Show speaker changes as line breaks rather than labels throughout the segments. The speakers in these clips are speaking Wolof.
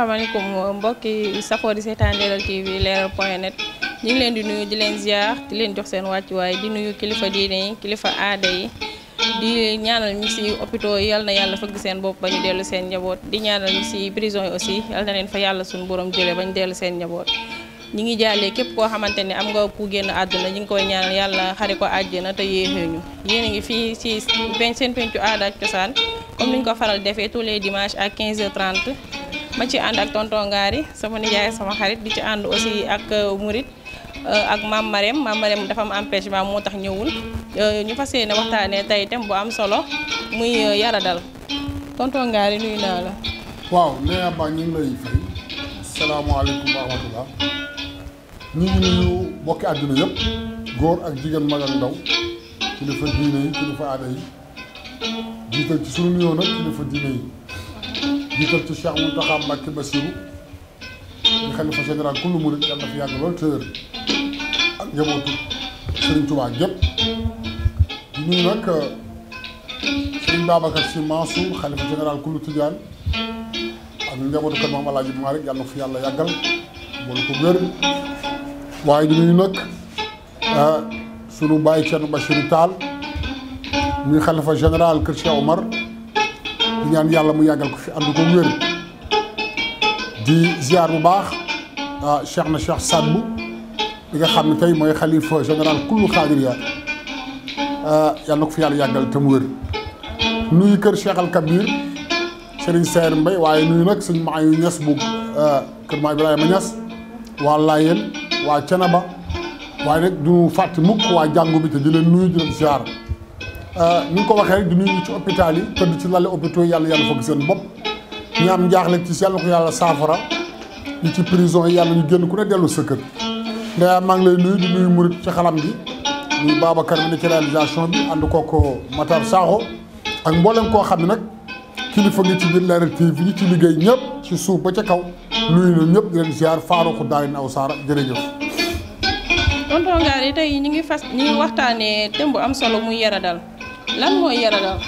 asalaamaaleykum mbokki safoo di seetaan Leral TV Leral point net ñu leen di nuyu di leen ziar di leen jox seen wàccuwaay di nuyu kilifa diine yi kilifa aada yi di ñaanal ñi si hôpitaux yi na yàlla seen bopp ba ñu dellu seen di ñaanal si prison yi aussi yal na leen fa yàlla suñu borom jëlee ba ñu dellu seen njaboot. ñi ngi jaalee képp koo xamante ne am nga ku génn àdduna ñi ngi koy ñaanal yàlla xare ko na te yéexeeñu yéen a ngi fii ci seen pencu aada ak cosaan comme ni ñu ko faral defee tous les dimanches à 15 h ma ci ànd ak tonton Ngari sama nijaay sama xarit di ci ànd aussi ak euh, Murit euh, ak maam Marème maam Marème dafa am empêchement moo tax ñëwul euh, ñu fas yéene waxtaanee tey thème bu am solo muy yara dal tonton Ngari nuyu naa la.
waaw nee naa ñu ngi lay fay salaamaaleykum wa rahmatulah ñu ngi nuyu bokki àdduna yëpp góor ak jigéen mag ak ndaw kilifa diine yi kilifa aada yi jiital ci sunu nuyoo nag kilifa diine yi. jiital ci Cheikh Mountakha Mbacké Bassirou di xalifa général kullu murid yàlla fi yàgg lool tëwër ak njabootu Serigne Touba gépp di nuyu nag euh, Serigne Babacar Sy Mansour xalifa général kullu Tidiane ak njabootu kër Maam Alaaji Maalik yàlla fi yàlla yàggal boolu ko wér waaye di nuyu nag euh, sunu bàyyi Thierno Bachirou Tall muy xalifa général kër Cheikh Omar di ñaan yàlla mu yàggal ko fi ànd ko wér di ziar bu baax ah, Cheikh na Cheikh Sadbu bi nga xam ne tey mooy xalifa général kullu xaadiriya ah, yàlla na ko fi yàlla yàggal te mu wér nuyu kër Cheikh Al Kabir Serigne Seer Mbay waaye nuyu nag suñ maa yu ñes bu ah, kër maa Ibrahima Ñas waa Laayeen waa Cenaba waaye nag du fàtte mukk waa jàngu bi te di leen nuyu di leen ziar Euh, ni nga ko waxee du di ci hôpital yi tëdd ci lali hôpitaux yàlla yàlla fokk seen bopp ñu am njaaxle ci yàlla ko yàlla saafara ñu ci prison yi yàlla ñu génn ku ne dellu sa kër ndaya maa ngi lay nuyu di nuyu murit ci xalam bi nuyu Babacar mi ne ci réalisation bi ànd kooko Matar Sakho ak mboolem koo xam ne nag kilifa ngi ci biir Leral TV ñi ci liggéey ñëpp ci suuf ba ca kaw nuyu na ñëpp di leen ziar Faaruqu Daarin aw Saara jërëjëf
tonton Ngari tey ñu ngi fas ñu waxtaanee thème am solo muy yaradal lan mooy yaragal.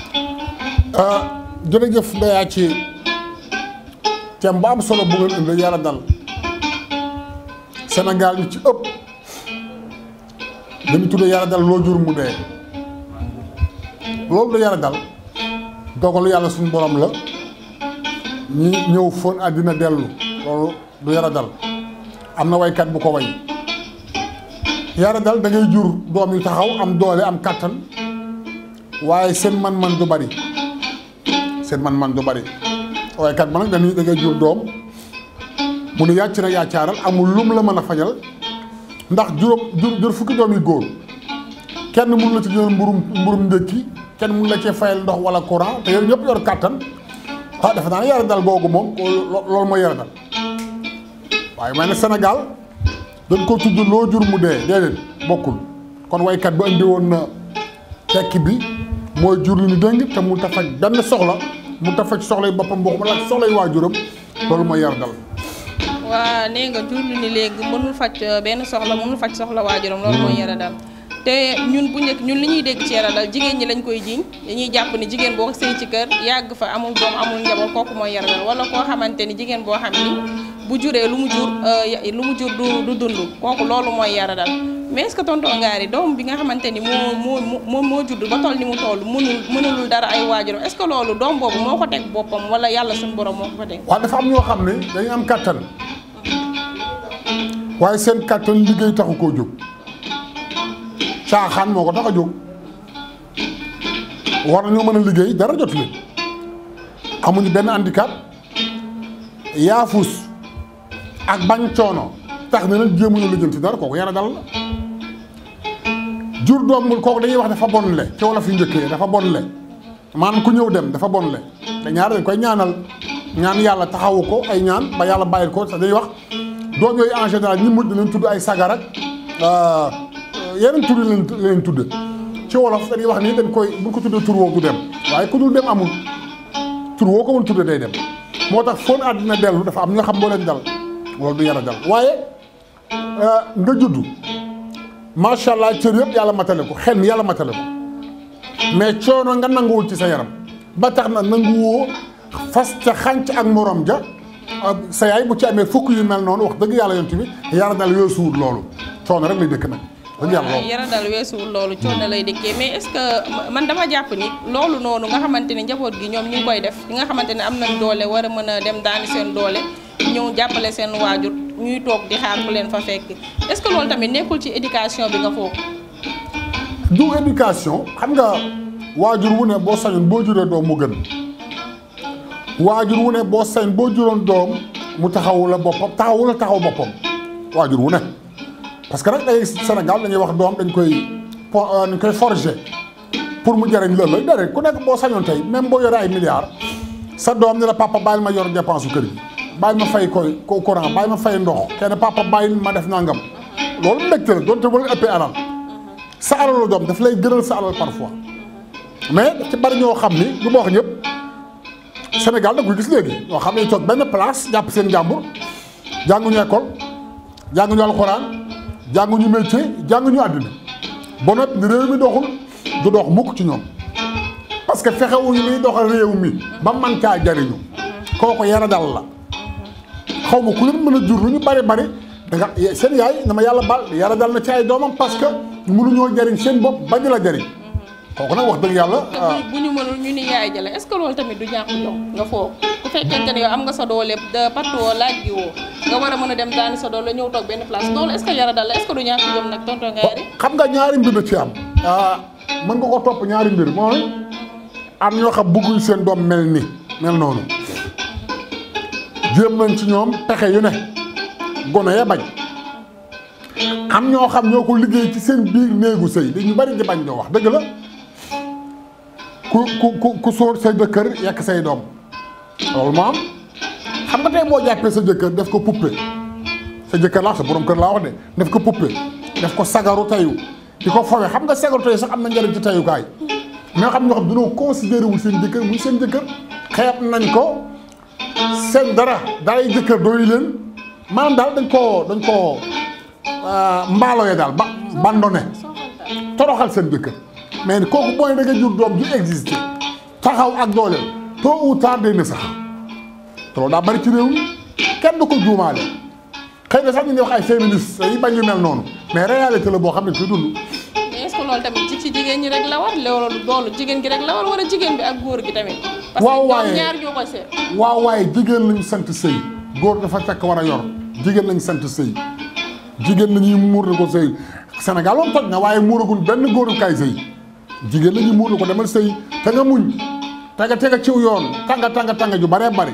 Ah, jërëjëf Ndeya ci thème bu am solo bu ngeen indi yaragal Sénégal ñu ci ëpp dañu tuddee yaragal loo jur mu dee loolu la yaragal dogalu yàlla suñu borom la ñi ñëw fóon àddina dellu loolu du yaragal am na waykat bu ko way yaragal da ngay jur doom yu taxaw am doole am kàttan. waaye seen man-man du bari seen man-man du bari waaye kat man nag jur doom mu nu yàcc na yàccaaral amul lum la mën a fajal ndax juróom jur jur fukki doom yi góor kenn mun la ci jël mburum mburum kenn mun la cee fayal ndox wala courant te yooyu ñëpp yor kàttan ah dafa naa yara dal googu moom loolu mooy yara waaye may na Sénégal dañ ko tudd loo jur mu dee déedéet bokkul kon waykat bi andi woon na tekki bi mooy jur lu ñu dëng te mu tafaj benn soxla mu tafaj soxlay boppam boo xam la soxlay waajuram loolu mooy yar dal
waa nee nga jur lu mënul faj euh, benn soxla mënul faj soxla waajuram loolu mooy hmm. yara dal te ñun bu njëkk ñun li ñuy dégg ci yara dal jigéen ñi lañ koy jiiñ dañuy jàpp ni jigéen boo sëy ci kër yàgg fa amul doom amul njaboot kooku mooy yara dal wala koo xamante ni jigéen boo xam ni bu juree lu mu jur ah. euh, lu mu jur du dund kooku loolu mooy yara dal mais est-ce que tonton Ngari doom bi nga xamante ni moo moo moo moo judd ba toll ni mu toll mënul mënulul dara ay waajuram est-ce que loolu doom boobu moo ko teg boppam wala yàlla suñ borom moo ko teg.
waaw dafa am ñoo xam ne dañu am kattan waaye seen kattan liggéey taxu koo jóg caaxaan moo ko tax a jóg war nañoo mën a liggéey dara jot leen amuñu benn handicap yaafus. ak bañ coono tax na nag jéemuñu lijjanti dara kooku yara dal la jur doom mu kooku dañuy wax dafa bon le ci wolof yu njëkkee dafa bon le maanaam ku ñëw dem dafa bon le te ñaar dañ koy ñaanal ñaan yàlla taxawu ko ay ñaan ba yàlla bàyyil ko sax dañuy wax doo ñooy en général ñi mujj leen tudd ay sagar ak euh, yeneen tur leen leen tudd ci wolof dañuy wax ni dañ koy bu ko tuddee tur woo du dem waaye ku dul dem amul tur woo ko mën tuddee day dem moo tax foon àddina dellu dafa am ñoo xam boo leen dal wala du yara yaragal waaye euh, nga judd macha allah cër yëpp yàlla matale ko xel yàlla matale ko mais coono nga nanguwul ci sa yaram ba tax na nanguwoo fas ca xànc ak morom ja euh, sa yaay bu ci amee fukk yu mel noonu wax dëgg yàlla yonent bi yaradal weesuwul loolu coono rek lay dëkk nag. waaw
yaradal weesuwul loolu coono lay dëkkee mais est-ce que man dama jàpp ni loolu noonu nga xamante ne njaboot gi ñoom ñu koy def ñi nga xamante ne am nañ doole war a mën a dem daani seen doole. ñëw jàppale seen waajur ñuy toog di xaar ku leen fa fekk est-ce que loolu tamit nekkul ci éducation bi nga foofu.
du éducation xam nga waajur wu ne boo sañoon boo juree doom mu gën waajur wu ne boo sañoon boo juróon doom mu taxawu la boppam taxawu la taxaw boppam waajur wu ne parce que nag day Sénégal dañuy wax doom dañ koy euh, dañ koy forger pour mu jëriñ loolu la déedéet ku nekk boo sañoon tey même boo yore ay milliards sa doom ni la papa bàyyil ma yor dépense su kër gi. bàyyi ma fay ko courant bàyyi ma fay ndox kenn papa bàyyi ma def nangam loolu mbégte la doonte wala ëppee alal sa alalu doom daf lay gënal sa alal parfois mais ci bari ñoo xam ni lu ma wax ñëpp Sénégal da ko gis léegi ñoo xam ne toog benn place jàpp seen jàmbur jànguñu école jànguñu alxuraan jànguñu métier jànguñu àddina ba noppi ni réew mi doxul du dox mukk ci ñoom parce que fexewuñu liy doxal réew mi ba man caa jariñu kooku yara dal la xaw ma ku leen mën a jur lu ñu bari bari da nga yàlla baal yàlla dal na ci ay doomam parce que mënuñoo jariñ seen bopp bañ la jariñ kooku nag wax dëgg yàlla. Ah.
bu ñu mënul ñu ni yaay jële est-ce que tamit du ñàkk am nga sa doole de partout a mën a dem daani sa doole ñëw toog benn place loolu est-ce que yàlla
xam nga ñaari mbir la ci am. Ah, mën nga ko topp ñaari mbir mooy am ñoo xam bëgguñ seen doom mel ni mel noonu jéem nañ ci ñoom pexe yu ne gone ya bañ am ñoo xam ñoo ko liggéey ci seen biir néegu sëy li ñu bari di bañ ñoo wax dëgg la ku ku ku ku sóor sa jëkkër yekk say doom loolu moo xam nga tey moo jàppee sa jëkkër def ko puppe sa jëkkër laa sa borom kër laa wax de def ko puppe def ko sagaru tayu di ko fowe xam nga sagaru tayu sax am na njariñ ci tayukaay mais xam ñoo xam dañoo considéré wul seen jëkkër muy seen jëkkër xeeb nañ ko seen dara daay jëkkër doy leen maanaam daal dañ koo dañ koo ah, mbaalo ya daal ba bandone toroxal seen jëkkër mais kooku booy da nga jur doom ju existé taxaw ak dooleel tôt ou tard day na sax te loolu daa bari ci réew mi kenn du ko juumaale xëy na sax ñu ngi wax ay féministes yi bañ yu mel noonu mais réalité la boo xam ne fi dund.
mais est-ce que tamit ci jigéen ñi rek la war loolu loolu jigéen gi rek la war wala jigéen bi ak góor gi tamit. waaw waaye ñaar ñoo ko
waaw waaye jigéen lañu sant sëy góor dafa takk war a yor jigéen lañu sant sëy jigéen lañuy muur na ko sëy Sénégal moom toj na waaye muuragul benn góoru kaay sëy jigéen lañu muur na ko demal sëy te nga muñ te nga teg ciw yoon tànga tànga tànga ju baree bari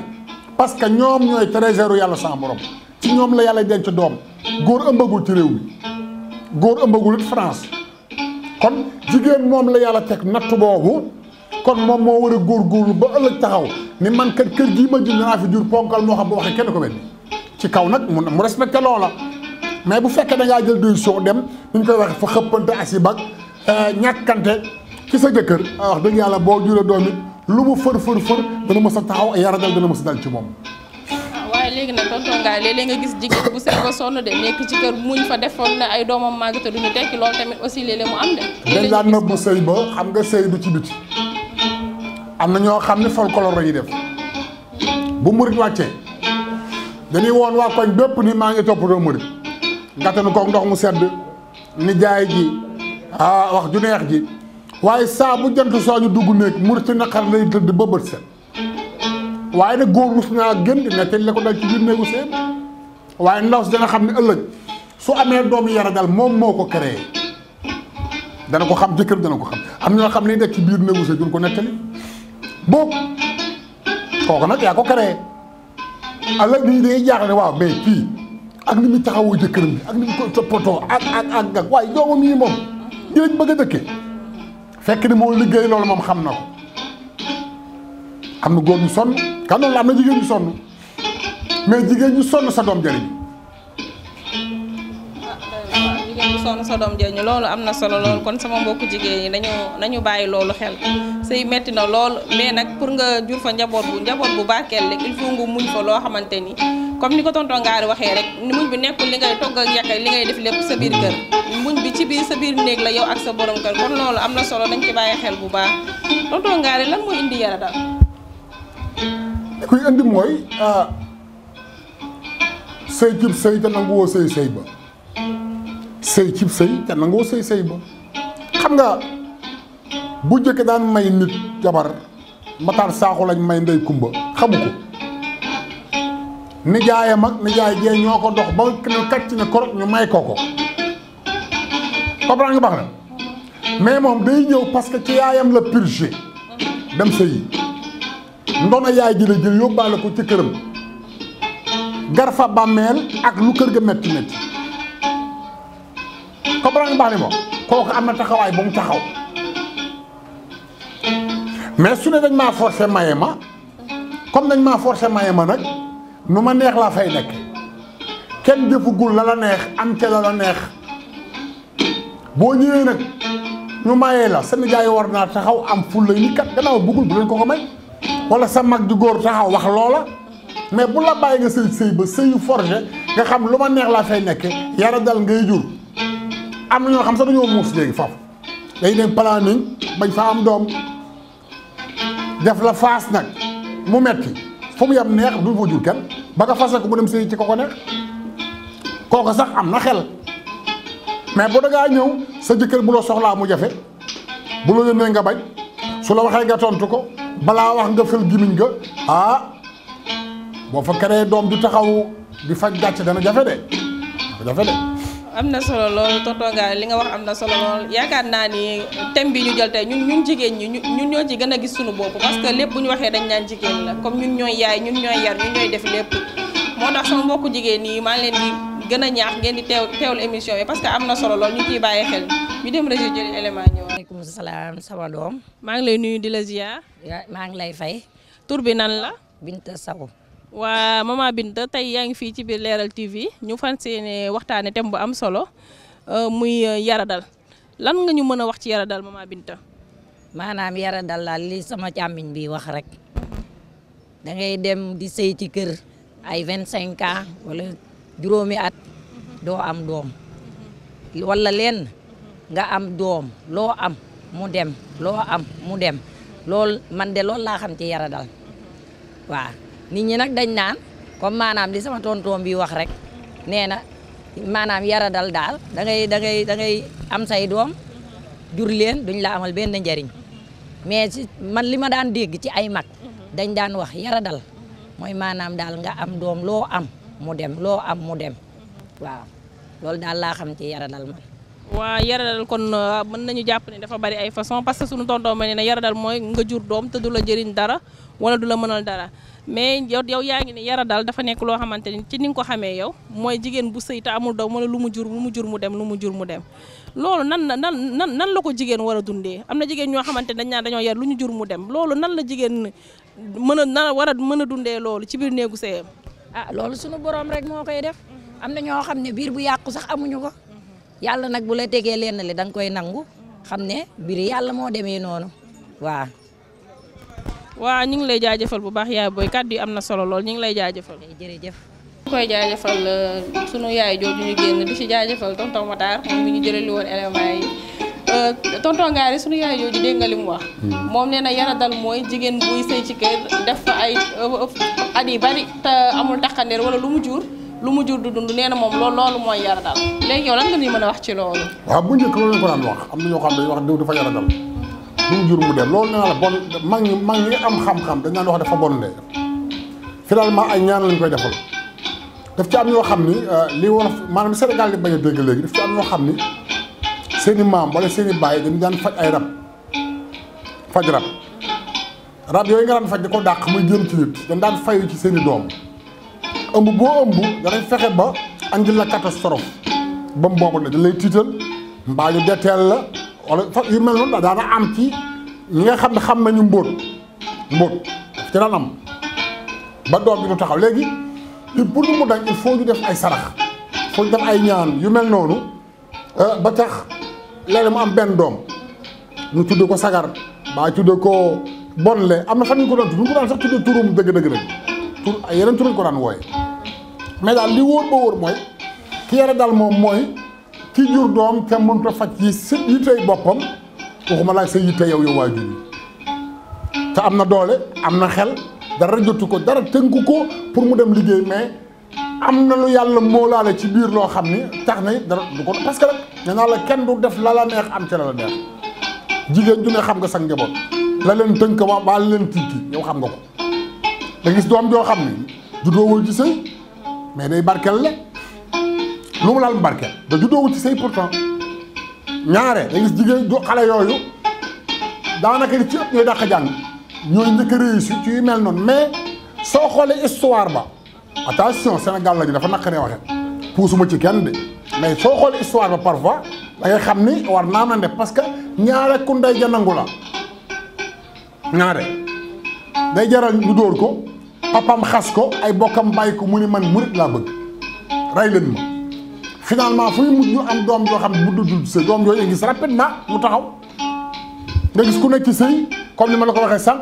parce que ñoom ñooy trésor yàlla sans borom ci ñoom la yàlla denc doom góor ëmbagul ci réew góor ëmbagul it France kon jigéen moom la yàlla teg natt boobu kon moom moo war a góorgóorlu ba ëllëg taxaw ni man kat kër gii ma jur naa fi jur ponkal moo xam bu waxee kenn ko benn ci kaw nag mu respecté loola mais bu fekkee da ngaa jël duy soo dem ni ñu koy waxee fa xëppante asibak euh, ñàkkante ci sa jëkkër ah, wax dëgg yàlla boo juree doom it lu mu fër fër fër dana mës a taxaw ay yaradal dana mës a ci moom.
Ah, léegi nag tonton Ngaye léeg nga gis jigéen bu seen ba sonn de nekk ci kër fa defoon na ay doomam màgg te duñu tekki loolu tamit aussi léeg-léeg mu am de.
dañ laa nëbb sëy boo xam nga sëy du ci biti am na ñoo xam ne folklore la ñuy def bu murit wàccee dañuy woon waa bépp ni maa ngi toppatoo murit ngattanu koog ndox mu sedd ni jaay ji ah wax waaye saa bu jant soo ñu dugg ci naqar lay tëdd ba bët nag góor rus naa gën di ko dal ci biir néegu seen waaye dana xam ne ëllëg su amee doom yaragal moom moo ko créé dana ko xam jëkkër dana ko xam ñoo xam ne nekk ci biir néegu seen duñ ko nettali boobu kooku nag yaa ko créé ëllëg nit ñi dañuy jaaxle waaw mais fii ak ni muy taxawoo jëkkëram bi ak ni mu ko toppatoo ak ak ak ak waaye doomam yi moom ñu lañ bëgg fekk ni moo liggéey lool moom xam na ko am na goom ñu sonn kan noonu la am na jigéen ñu sonn mais jigéen ñi sonn sa doom jëriñ
sonn sa doom jëriñu loolu am na solo loolu kon sama mbokku jigéen ñi nañu nañu bàyyi loolu xel sëy metti na lool mais nag pour nga jur fa njaboot bu njaboot bu barkeel rek il faut nga muñ fa loo xamante ni comme ni ko tonton Ngaari waxee rek muñ bi nekkul li ngay togg ak li ngay def lépp sa biir kër muñ bi ci biir sa biir néeg la yow ak sa borom kër kon loolu am na solo nañ ci bàyyi xel bu baax tonton Ngaari lan mooy indi yara daal
kuy indi mooy ah, sëy cib sëy te nanguwoo sëy sëy ba sëy cib sëy te nangoo sëy sëy ba xam nga bu jëkk daan may nit jabar mataar saaxu lañ may ndey kumba xamu ko nijaayam ak nijaay jee ñoo ko dox ba ñu kàcc ne korot ñu may ko ko comprendre nga baax na mais moom day ñëw parce que ci yaayam la purgé dem sëyi ndono yaay ji la jël yóbbaale ko ci këram gar fa bàmmeel ak lu kër ga metti metti comprendre baax ni moom kooku am na taxawaay bu mu taxaw mais su ne dañ maa forcé maye ma comme dañ maa force maye ma nag nu ma neex laa fay nekk kenn jëfugul la la neex am ca la la neex boo ñëwee nag ñu mayee la seen jaay war naa taxaw am fulla ni kat gannaaw bëggul bu leen ko ko may wala sa mag ju góor taxaw wax loola mais bu la bàyyi nga sëy sëy ba sëyu forgé nga xam lu ma neex laa fay nekke yara dal ngay jur am na ñoo xam sax dañoo muus léegi foofu day dem planning bañ fa am doom def la faas nag mu metti fu mu yem neex du fa jur kenn ba nga fase ko mu dem sëy ci ko ko neex kooku sax am na xel mais boo dangaa ñëw sa jëkkër bu la soxlaa mu jafe bu la yónnee nga bañ su la waxee nga tontu ko balaa wax nga fël gimiñ nga ah boo fa créé doom du taxaw di faj gàcce dana jafe de jafe de
am na solo lool tonton Gallé li nga wax am na solo lool yaakaar naa ni thème bi ñu jël tey ñun ñun jigéen ñi ñun ñoo ci gën a gis suñu bopp parce lépp bu ñu waxee dañ naan jigéen la comme ñun ñooy yaay ñun ñooy yar ñun ñooy def lépp moo maa ngi leen gën a ñaax ngeen di teew teewlu émission bi parce que am na solo lool ñu ciy bàyyi xel ñu dem réseau jëli élément ñëw. maaleykum salaam sama doom. maa ngi lay nuyu di la ziar. maa ngi lay fay. tur bi nan la. Binta Saw. waa maman Binta tey yaa ngi fii ci biir Leral TV ñu fas yéene waxtaane thème bu am solo euh, muy euh, yaradal lan nga ñu mën a wax ci yara dal yaradal maman Binta. maanaam yaradal daal li sama càmmiñ bi wax rek da ngay dem di sëy ci kër ay vingt cinq ans walla juróomi at doo am doom walla lenn nga am doom loo am mu dem loo am mu dem lool man de loolu laa xam ci yara dal waaw. nit ñi nag dañ naan kon maanaam di sama tonton bi wax rek nee na maanaam yara dal daal dangay ngay da am say doom jur leen duñ la amal benn njariñ mais man li ma daan dégg ci ay mag dañ daan wax yara dal mooy maanaam daal nga am doom loo am mu dem loo am mu dem waaw loolu daal laa xam ci yara dal man waaw dal kon ah, mën nañu jàpp ne dafa bari ay façon parce que suñu tonton ma ne na yaradal mooy nga jur doom te du la jëriñ dara wala du la mënal dara mais yow yow yaa ngi ne yara daal dafa nekk loo xamante ni ci ni nga ko xamee yow mooy jigéen bu sëy te amul doom mu ne lu mu jur lu mu jur mu dem lu mu jur mu dem loolu nan nan nan nan la ko jigéen war dundee am na jigéen ñoo xamante dañ naan dañoo yar jur mu dem loolu nan la jigéen mën a na war a mën a dundee loolu ci biir néegu sëyam ah loolu suñu borom rek moo koy def am na ñoo xam ne biir bu yàqu sax amuñu ko yàlla nag bu la tegee lenn li dang nga koy nangu xam ne biir yàlla moo demee noonu waaw ñu ngi lay jaajëfal bu baax yaay booy kàddu yi am na solo loolu ñu ngi lay jaajëfal. jërëjëf. ñu koy jaajëfal euh, sunu yaay jooju ñu génn di ci jaajëfal tonton Matar moom mi ñu jëlali woon éléments yi euh, tonton Ngari sunu yaay jooju dégg nga li mu wax. Hmm. moom nee na yara dal mooy jigéen buy sëy ci kër def fa ay euh, at yi bari te amul takkandeer wala lu mu jur lu mu jur du dund nee na moom loolu mooy yara dal léegi yow lan nga ñuy mën a wax ci loolu.
waaw bu njëkk loolu ko daan wax am na ñoo xam lu mu jur mu dem loolu nee naa la bon mag mag ñi am xam-xam dañ naan wax dafa bon de finalement ay ñaan lañ koy defal def ci am yoo xam ni euh, li wolof maanaam Sénégal li bañ a dégg léegi daf ci am ñoo xam ni seen i maam wala seen i baay daan faj ay rab faj rab rab yooyu nga daan faj di ko dàq muy jën ci nit dañ daan fayu ci seeni doom ëmb boo ëmb dafay fexe ba andil la catastrophe ba mu boobu ne da lay tiital mbaa ñu deteel la wala yu mel noonu daana am ci ñi nga xam ne xam nañu mbóot mbóot daf ci daan am ba doom bi du taxaw léegi pour mu dañ il faut ñu def ay sarax faut ñu def ay ñaan yu mel noonu euh, ba tax léeg mu am benn doom ñu tudd ko sagar baa tudd ko bonle am na fan ñu ko doon tudd ñu ko daan sax tudd turum dëgg tur ay yeneen tur ñu ko daan wooye mais daal li wóor ba wóor mooy ki yore daal moom mooy ki jur doom te mënut a faj yi si yittey boppam waxuma laa sa yitte yow yow waajur
yi
te am na doole am na xel dara jotu ko dara tënku ko pour mu dem liggéey mais am na lu yàlla moolaale ci biir loo xam ni tax na dara du ko parce que rek nee naa la kenn du def lal la neex am ca la la neex jigéen ju ne xam nga sa njaboot laleen leen tënk waa baal leen tikki yow xam nga ko da gis doom joo xam ni judoowul ci sëy mais day barkel la lu mu laal mu barkeel da juddoowu ci sëy pourtant ñaare da gis jigéen du xale yooyu daanaka li ci ëpp ñooy dàq jàng ñooy njëkk a ci yu mel noonu mais soo xoolee histoire ba attention Sénégal la ñu dafa naqaree waxee puusuma ci kenn de mais soo xoolee histoire ba parfois da ngay xam ni war naa mën parce que ñaare ku ndey ja nangu la ñaare day jaral ñu dóor ko papam xas ko ay bokkam bàyyi ko mu ni man murit laa bëgg rey leen ma finalement fu ñu mujj am doom yoo xam ne bu duddul sëy doom yooyu ngay gis na mu taxaw nga gis ku nekk ci sëy comme ni ma la ko waxee sànq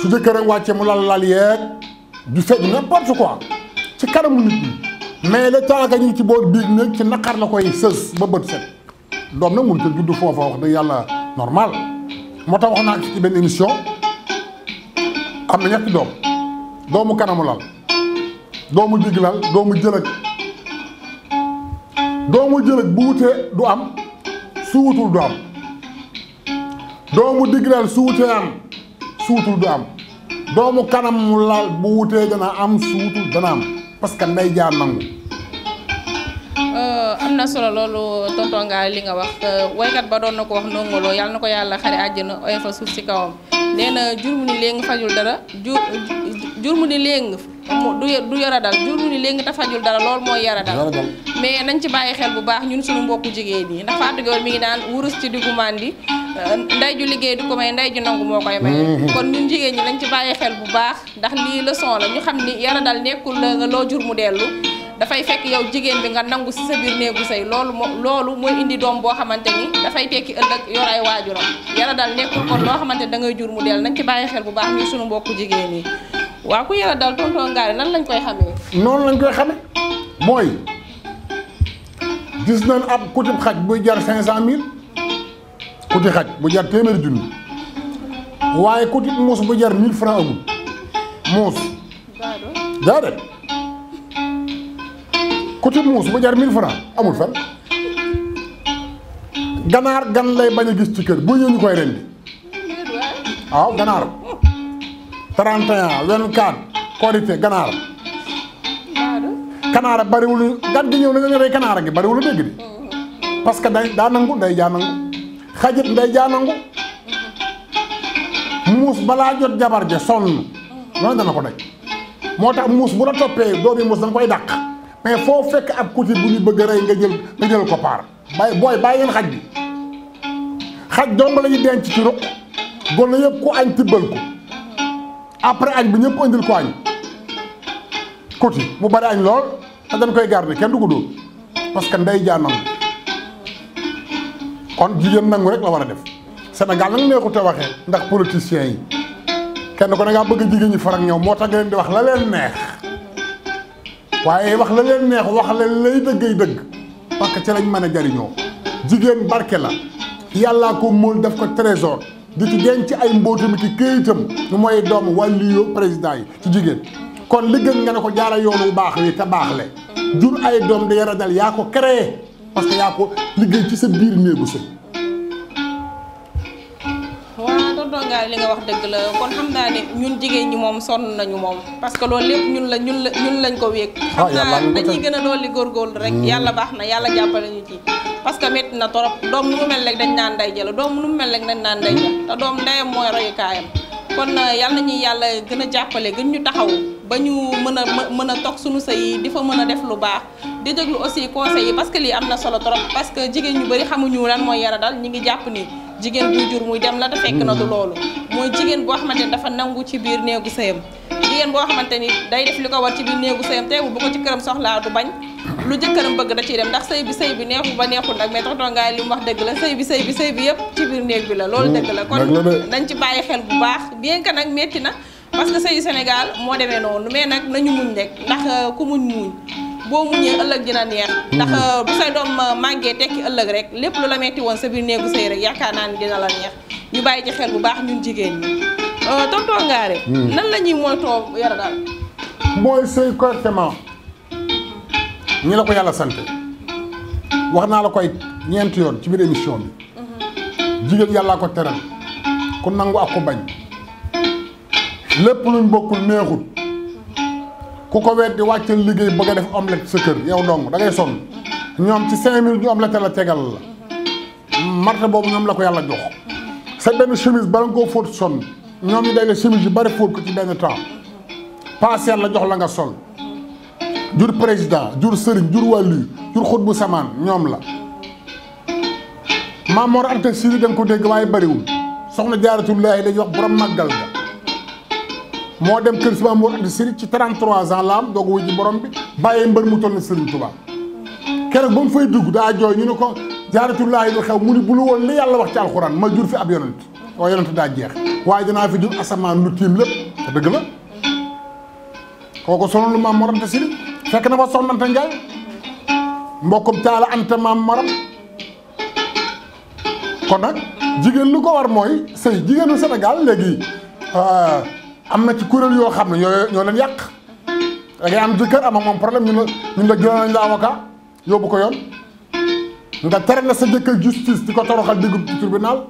su jëkkëram wàccee mu lal lal yeeg du fekk n'importe quoi ci kanamu nit ñi mais ñu ci boor biig nag ci naqar la koy sës ba bët set doom nag mun te yàlla normal moo tax naa benn émission am na ñetti doom doomu kanamu lal doomu digg lal doomu jëlëg doomu jëlëj bu wutee du am su wutul du am doomu digleel su wutee am su wutul du am doomu kanam mu laal bu wutee dana am su dana am parce que nday jaa euh,
am na solo loolu tonton li nga wax euh, waykat ba doon na ko wax ndongolo yàlla na ko yàlla xare àjjana oyofa suuf si kawam nee na jur mu ni léegi fajul dara jur jur mu ni léeng du du yara dal jur mu ni léeng te fajul dara loolu mooy yara dal mais nañ ci bàyyi xel bu baax ñun suñu mbokku jigéen ñi ndax Fatou mi ngi naan wurus ci diggu màndi euh, ndey ju liggéey du ko may ndey ju nangu moo koy may mm-hmm. kon ñun jigéen ñi nañ ci bàyyi xel bu baax ndax lii leçon la ñu xam ni yara dal nekkul la nga loo jur mu dellu dafay fekk yow jigéen bi nga nangu si sa biir néegu sëy loolu moo loolu mooy indi doom boo xamante ni dafay tekki ëllëg yor ay waajuram yara dal nekkul kon loo xamante da ngay jur mu dell nañ ci bàyyi xel bu baax ñu sunu mbokku jigéen yi waaw ku yàlla dal tonton Ngaari nan lañ koy xamee.
noonu lañ koy xam mooy gis nan ab kutub xaj buy jar cinq cent mille kutub xaj bu jar téeméeri junni waaye kutub muus bu jar mille franc amul muus. daa ganaar gan lay bañ a gis ci kër bu ñëw ñu koy rendi waaw ganaar. 31 24 korité ganaar. kanaara bariwul gan di ñëw na nga rey kanaara gi bariwul dégg bi mm-hmm. parce que day daa nangu day jaa nangu xajit day jaa mm-hmm. muus balaa jot jabar ja sonn mm-hmm. loolu dana ko daj moo tax muus bu la toppee doomi muus danga koy dàq mais foo fekk ab kuti bu ñu bëgg a rey nga jël nga jël ko paar bay booy bàyyi leen xaj bi xaj doom la ñuy denc ci ruq gone yëpp ku añ tibbal ko après añ bi ñëpp indil ko añ kuti mu bari añ lool te dañ koy garder kenn du ko dóor parce que ndey jaanam kon jigéen nangu rek la war a def Sénégal nag neexut a waxee ndax politiciens yi kenn ko da ngaa bëgg jigéen ñi far ak ñoom moo tax nga leen di wax la leen neex waaye wax la leen neex wax leen lay dëggay dëgg parce que ci lañ mën a jariñoo jigéen barke la yàllaa ko mool def ko trésor di ci denc ay mbóotam ci këyitam nu mooy doom wàlliyo président yi ci jigéen kon li gën nga ne ko jaara yoon wu baax wi te baax le jur ay doom di yara dal yaa ko créé parce que yaa ko liggéey ci sa biir néegu sëy
waaw tonton yi li nga wax dëgg la kon xam naa ni ñun jigéen ñi moom sonn nañu moom parce que loolu lépp ñun la ñun la ñun lañ ko wéeg ah, xam naa dañuy gën a dolli góorgóorlu rek hmm. yàlla baax na yàlla jàppale ñu ci parce que métti na torop doom nu mu mel rek dañ naan nday jëla doom lu mu mel rek dañ naan nday jëla te doom ndeyam mooy royukaayam kon euh, yal na ñuy yàlla gën a jàppale gën ñu taxaw ba ñu mën a mën a toog suñu sëy yi di fa mën a def lu baax di déglu aussi conseils yi parce que lii am na solo trop parce que jigéen ñu bëri xamuñu lan mooy yara dal ñu ngi jàpp ni jigéen buy jur muy dem la te fekk na du loolu mooy jigéen wax ma ne dafa nangu ci biir néegu sëyam jigéen boo xamante ni day def li ko war ci biir néegu sëyam teewul bu ko ci këram soxlaa du bañ lu jëkkëram bëgg da ciy dem ndax sëy bi sëy bi neexul ba neexul nag mais tax doongaay li mu wax dëgg la sëy bi sëy bi sëy bi yëpp ci biir bi la loolu dëgg la kon nañ ci bàyyi xel bu baax bien que nag metti na parce que sëyu Sénégal moo demee noonu mais nag nañu muñ rek ndax euh, ku muñ muñ boo muñee ëllëg dina neex ndax mm-hmm. euh, bu say doom euh, màggee tekki ëllëg rek lépp lu la metti woon sa biir néegu sëy rek yaakaar naa ni dina la neex ñu bàyyi ci xel bu baax ñun jigéen ñi Euh, tonton Ngare. Hmm. nan la ñuy moytoo yara daal.
mooy sëy correctement ñi la ko yàlla sant wax naa la koy ñeenti yoon ci biir émission bi. Mhm. jigéen yàllaa ko teral ku nangu ak ku bañ lépp luñ bokkul neexul ku ko weddi wàccal liggéey bëgg a def omelette sa kër yow dong da ngay sonn mhm. ñoom ci cinq minutes ñu omelette la tegal la mhm. marta boobu ñoom la ko yàlla jox sa benn chemise koo fóot sonn ñoom ñu dajale chemise yu bari fóot ci benn temps paaseel la jox la nga sol jur président jur sëriñ jur wàllu jur xut bu samaan ñoom la Maamoor Anta Sili da nga ko dégg waaye bariwul soxna jaaratullaahi dañuy wax borom màggal ga moo dem kër si Maamoor Anta Sili ci 33 ans la am doog wuy ji borom bi bàyyee mbër mu toll na Sëriñ tuba keroog ba mu fay dugg daa jooy ñu ne ko jaaratullaahi lu xew mu ni bu woon li yàlla wax ci alxuraan ma jur fi ab yonent waaye yonent daa jeex waaye naa fi jël asamaan lu tiim lépp te dëgg la kooku sonal lu maam Mor Anta Sali fekk na fa Soxna Anta Njaay mbokkum taala anta maam maram kon nag jigéen lu ko war mooy sëy jigéenu Sénégal léegi ah, am na ci kuréel yoo xam ne yooyu ñoo leen yàq da ngay am moom problème ñu ñu la jëlal nañ la ko yoon nga tere na sa jëkkër justice di ko toroxal diggu tribunal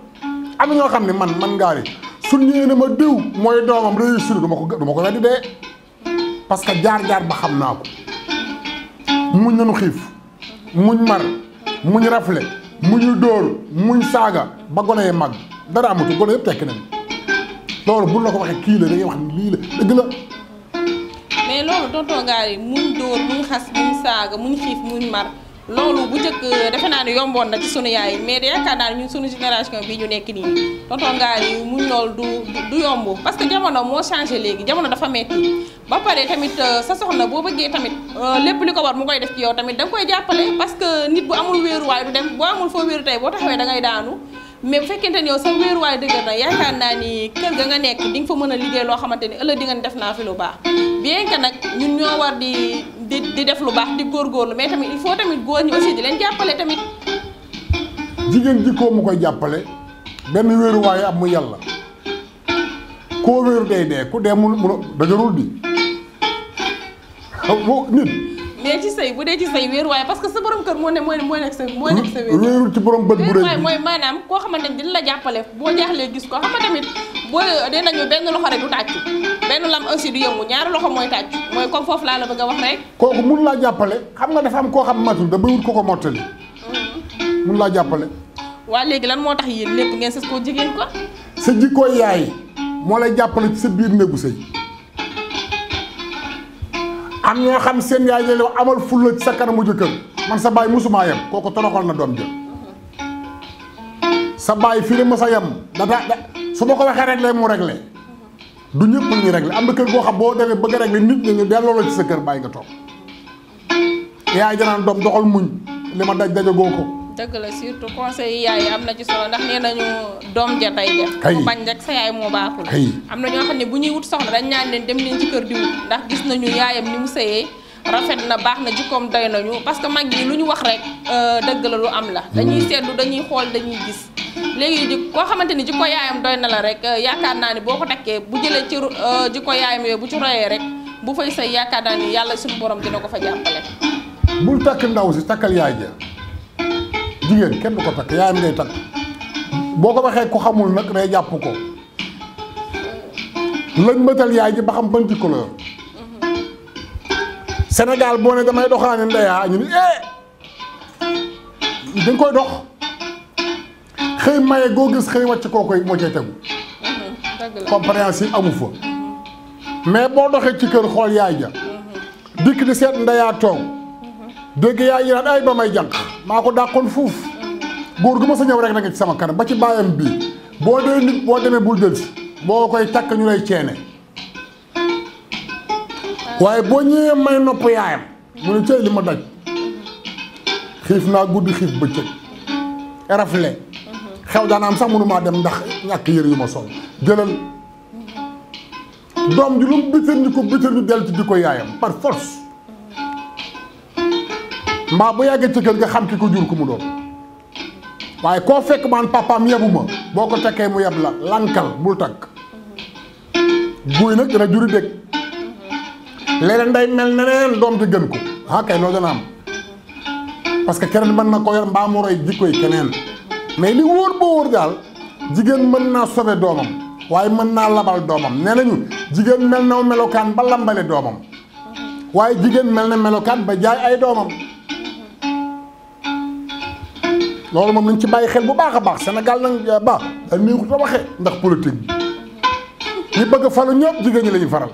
am na ñoo xam ne man man ngaa suñ ñëwee ne ma diw mooy doomam réussir du ko du ma ko weddi dee parce que jaar-jaar ba xam naa ko muñ nu xiif muñ mar muñ rafle muñu dóor muñ saaga ba gone yee mag dara amatu gone yëpp tekki nañ loolu bu la ko waxee kii la da ngay lii la dëgg
mais loolu tonton Gary muñ dóor muñ xas muñ saaga muñ xiif muñ mar loolu bu njëkk defe naa ne yomboon na ci sunu yaay mais yaakaar naa ñun sunu génération bi ñu nekk nii tonton ngaar yi muñ loolu du du yomb parce que jamono moo changé léegi jamono dafa metti ba pare tamit euh, sa soxna boo bëggee tamit euh, lépp li ko war mu koy def ci yow tamit da nga koy jàppale parce que nit bu amul wéeruwaay du dem boo amul foo wéeru tey boo tax da dangay daanu mais bu fekkente ne yow sa wéeruwaay dëgër na yaakaar naa ni kër ga nga nekk di nga fa mën a liggéey loo xamante ni ëllëg di nga def naa fi lu baax bien que nag ñun ñoo war di di di def lu baax di góorgóorlu mais tamit il faut tamit góor ñi aussi di leen jàppale tamit.
jigéen ji mu koy jàppale benn wéeruwaay am mu yàlla koo wéeru day dee ku dee mu dajarul bi nit.
mais ci sëy bu dee ci sëy wéeru waaye parce que sa borom kër moo ne moo moo nekk sa moo nekk sa wéeru
ci borom bët bu rëy
mooy maanaam koo xamante dina la jàppale boo jaaxlee gis ko xam nga tamit boo dee nañu benn loxo rek du tàccu benn lam aussi du yëngu ñaari loxo mooy tàccu mooy comme foofu laa la bëgg a wax rek
kooku mun laa jàppale xam nga dafa am koo xam matul da bay wut ko ko mottali mm-hmm. mun laa jàppale
waa léegi lan moo tax yéen lépp ngeen sës koo jigéen ko
sa jikkooy yaay moo lay jàppale ci sa biir néegu sëy am ñoo xam seen yaay leen wax amal fulla ci sa kanamu jëkkër man sa baay musumaa yem kooku toroxal na doom jë sa baay fii la ma sa yem dadaa da su ma ko waxee réglé mu réglé du ñëpp ñu réglé am na kër goo xam boo demee bëgg a réglé nit ñi ñu delloo la ci sa kër bàyyi nga toog yaay janaan doom doxal muñ li ma daj dajagoo ko
dëgg la surtout conseil yi am na ci solo ndax nee nañu doom ja tey ja mu bañ rek sa yaay moo baaxul am na ñoo xam ne bu ñuy wut soxna dañ ñaan leen dem leen ci kër di wut ndax gis nañu yaayam ni mu sëyee rafet na baax na jikkoom doy nañu parce que mag yi lu ñu wax rek euh, dëgg la lu am la hmm. dañuy seetlu dañuy xool dañuy gis léegi ji koo xamante ni jikko yaayam doy na la rek euh, yaakaar naa ni boo ko takkee bu jëlee ci euh, jikko yaayam yooyu bu ci royee rek bu fay sëy yaakaar naa ni yàlla suñu borom dina ko fa jàppale
bul takk ndaw si takkal yaay ja jigéen kenn du ko takk yaayam ngay takk boo ko waxee ko xamul nag day jàpp ko lañ bëtal yaay ji ba xam ban jikko la yor Sénégal boo ne damay doxaane ndeyaa ñu ni eh dañ koy dox xëy maye goo gis xëy wàcc koo koy moo cay tegu compréhensive amu fa mais boo doxee ci kër xool yaay ja dikk di seet ndeyaa toog dégg yaay ji naan ay ba may jànq maa ko dàqoon fuuf góor gu ma sa ñëw rek na sama kanam ba ci bàyyam bii boo dee nit boo demee bu jël si boo koy takk ñu lay ceene waaye boo ñëwee may nopp yaayam mu ne cëy li ma daj xiif naa guddi xiif bëccëg rafle xew daana am sax mënumaa dem ndax ñàkk yëre yu ma sol jëlal doom ji lu mu bitir ñu ko bitir ñu del ci di ko yaayam par force mbaa bu yàggee ci kër nga xam ki ko jur ku mu doon waaye koo fekk ba papaam yebu ma boo ko takkee mu yeb la lankal bul tànk guy nag dina juri dégg leneen day mel neneen doom di gën ko ah kay loolu parce que keneen mën na ko mbaa mu roy jikko yi keneen mais li wóor boo wóor daal jigéen mën naa sobe doomam waaye mën naa labal doomam nee nañu jigéen mel na melokaan ba lambale doomam waaye jigéen mel na melokaan ba jaay ay doomam loolu moom nañ ci bàyyi xel bu baax a baax Sénégal nag euh, ba ay nuyu ko waxee ndax politique bi ñu bëgg a falu ñëpp jigéen ñi lañuy faral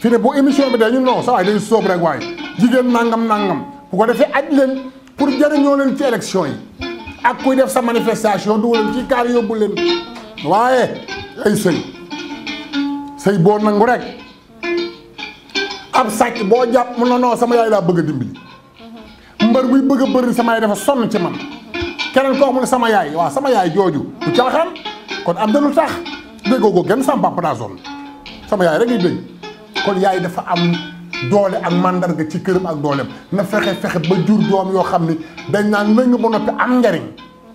fi ne bu émission bi day ñu non sa waay dañu soob rek waaye jigéen nangam nangam bu ko defee aj leen pour jariñoo leen ci élection yi ak kuy def sa manifestation du leen ci kaar yóbbu leen waaye ay sëy sëy boo nangu rek ab sàcc boo jàpp mu na non sama yaay laa bëgg a dimbali. mbër buy bëgg a bëri samay yaay dafa sonn ci man keneen koo la sama yaay waa sama yaay jooju du caaxaan kon am na lu sax déggoo ko gën sama papa daa sonn sama yaay rek lañ kon yaay dafa am doole ak mandarga ci këram ak dooleem na fexe fexe ba jur doom yoo xam ni dañ naan lëng ba noppi am njariñ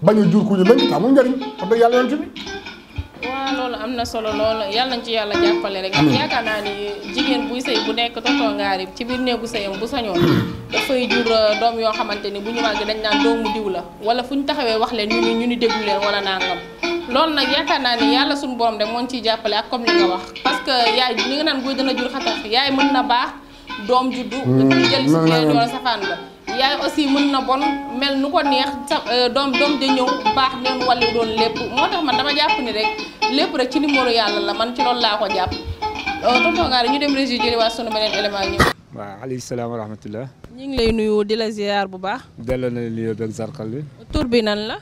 bañ a jur ku ñu lëng te amul njariñ wax dëgg yàlla yoon ci
loolu am na solo loolu na nañ ci yàlla jàppale rek. amiin yaakaar naa ni jigéen buy sëy bu nekk totongaari ci biir néegu sëyam bu sañoon. dafay jur euh, doom yoo xamante ni bu ñu màgg dañ naan doomu diw la wala fu ñu taxawee wax leen ñu ni ñu ni déglu wala nangam. loolu nag yaakaar naa ni yàlla suñu borom de moo ciy jàppale ak comme li nga wax parce que yaay li nga naan góor dana jur xatar mën na baax doom juddu. Mm. jël su fekkee wala safaan la. yaay aussi mën na bon mel nu ko neex sa euh, doom doom da ñëw baax neen wàllu doon lépp moo tax man dama jàpp ni rek. lépp rek ci numéro yàlla la man ci loolu laa ko jàpp euh, tonton Gare ñu dem régie jëli waa sunu beneen élément ñu.
waaw alayhi salaam wa rahmatullah.
ñu ngi lay nuyu di la ziar bu baax.
delloo na leen nuyoo beeg la.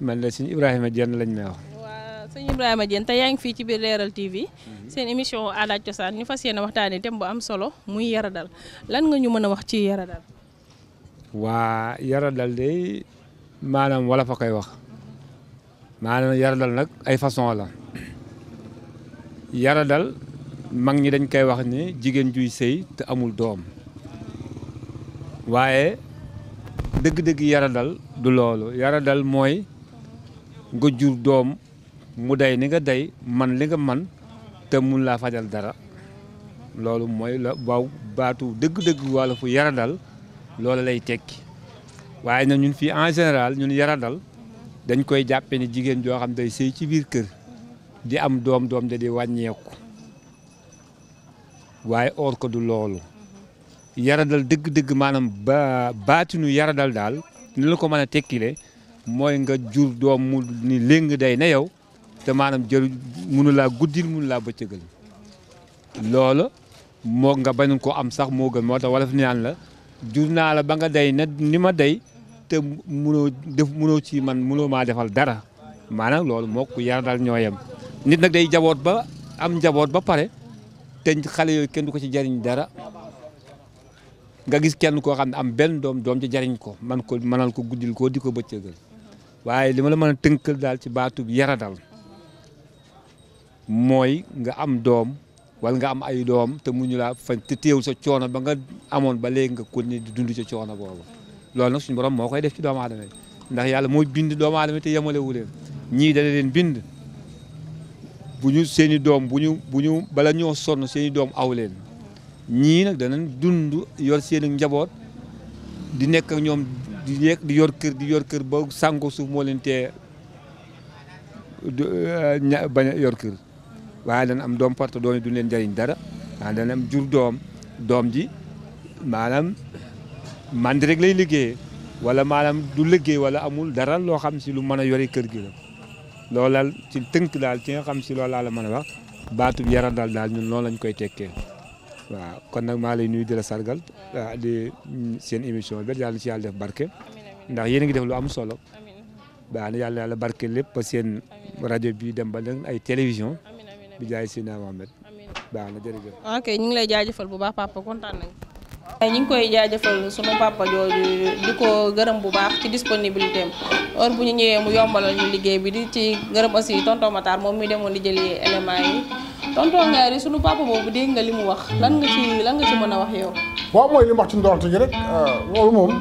man la suñu Ibrahima Dieng lañ may wax.
sëñ Ibrahima Diène te yaa ngi fii ci biir Leral TV mhm. seen émission aada cosaan ñu fas yéene waxtaanee thème bu am solo muy yara dal lan nga ñu mën a wax ci yaradal.
waa yaradal de maanaam wala fa koy wax mhm. maanaam yaradal nag ay façon la yara dal mag ñi dañ koy wax ni jigéen juy sëy te amul doom waaye dëgg-dëgg yara dal du loolu yara dal mooy nga jur doom mu day ni nga day man li nga man te mun laa fajal dara loolu mooy la waaw baatu dëgg-dëgg walla fu yara dal loolu lay tekki waaye nag ñun fii en général ñun yara dal dañ koy jàppe ni jigéen joo xam day sëy ci biir kër di am doom doom da di wàññeeku waaye or ko du loolu yaradal dëgg-dëgg maanaam ba baatinu yaradal daal ni la ko mën a tekkile mooy nga jur doom mu ni léng day na yow te maanaam jëru mënu laa guddil mënu laa bëccëgal loola moo nga bañ ko am sax moo gën moo tax wala fi naan la jur naa la ba nga day na ni ma day te mënoo def mënoo ci man mënoo maa defal dara maanaam loolu moo ko yaradal ñooyam nit nag day jaboot ba am njaboot ba pare te xale yooyu kenn du ko ci jariñ dara nga gis kenn koo xam ne am benn doom doom ci jariñ ko man ko mënal ko guddil koo di ko bëccëgal waaye li ma la mën a tënkal daal ci baatu yara dal mooy nga am doom wala nga am ay doom te muñu laa fañ te téew sa coono ba nga amoon ba léegi nga continuer di dund ci coono boobu loolu nag suñu borom moo koy def ci doomu aadama yi ndax yàlla mooy bind doomu aadama te yemalewu leen ñii dana leen bind bu ñu seeni doom bu ñu bu ñu bala ñoo sonn seen doom aw leen ñii nag danañ dund yor seeni njaboot di nekk ñoom di yor kër di yor kër ba sàngo suuf moo leen tee euh, bañ a yor kër waaye dana am doom parce que doom yi leen jariñ dara waaye dana am jur doom doom ji maanaam mandi rek lay liggéeyee wala maanaam du liggéey wala amul dara loo xam si lu mën a yore kër gi la loolu daal ci tënk daal ci nga xam si loolu laa la mën a wax baatub yaram daal daal ñun noonu lañ koy tekkee waaw kon nag maa lay nuyu di la sargal ah, di mm, seen émission bi yàlla na ci yàlla def barke ndax yéen a ngi def lu am solo baax na yàlla yàlla barke lépp ba seen rajo bi dem ba leen ay télévision bi jaay si naa Mohamed baax na
jërëjëf. ñu ngi koy jaajëfal sunu papa jooju di ko gërëm bu baax ci disponibilité am heure bu ñu ñëwee mu yombalal ñu liggéey bi di ci gërëm aussi tonton Matar moom muy demoon di jële éléments yi tonton Ngari sunu papa boobu dégg nga li mu wax lan nga ci lan mën a wax yow.
waaw mooy li wax ci ndorte gi rek euh, loolu moom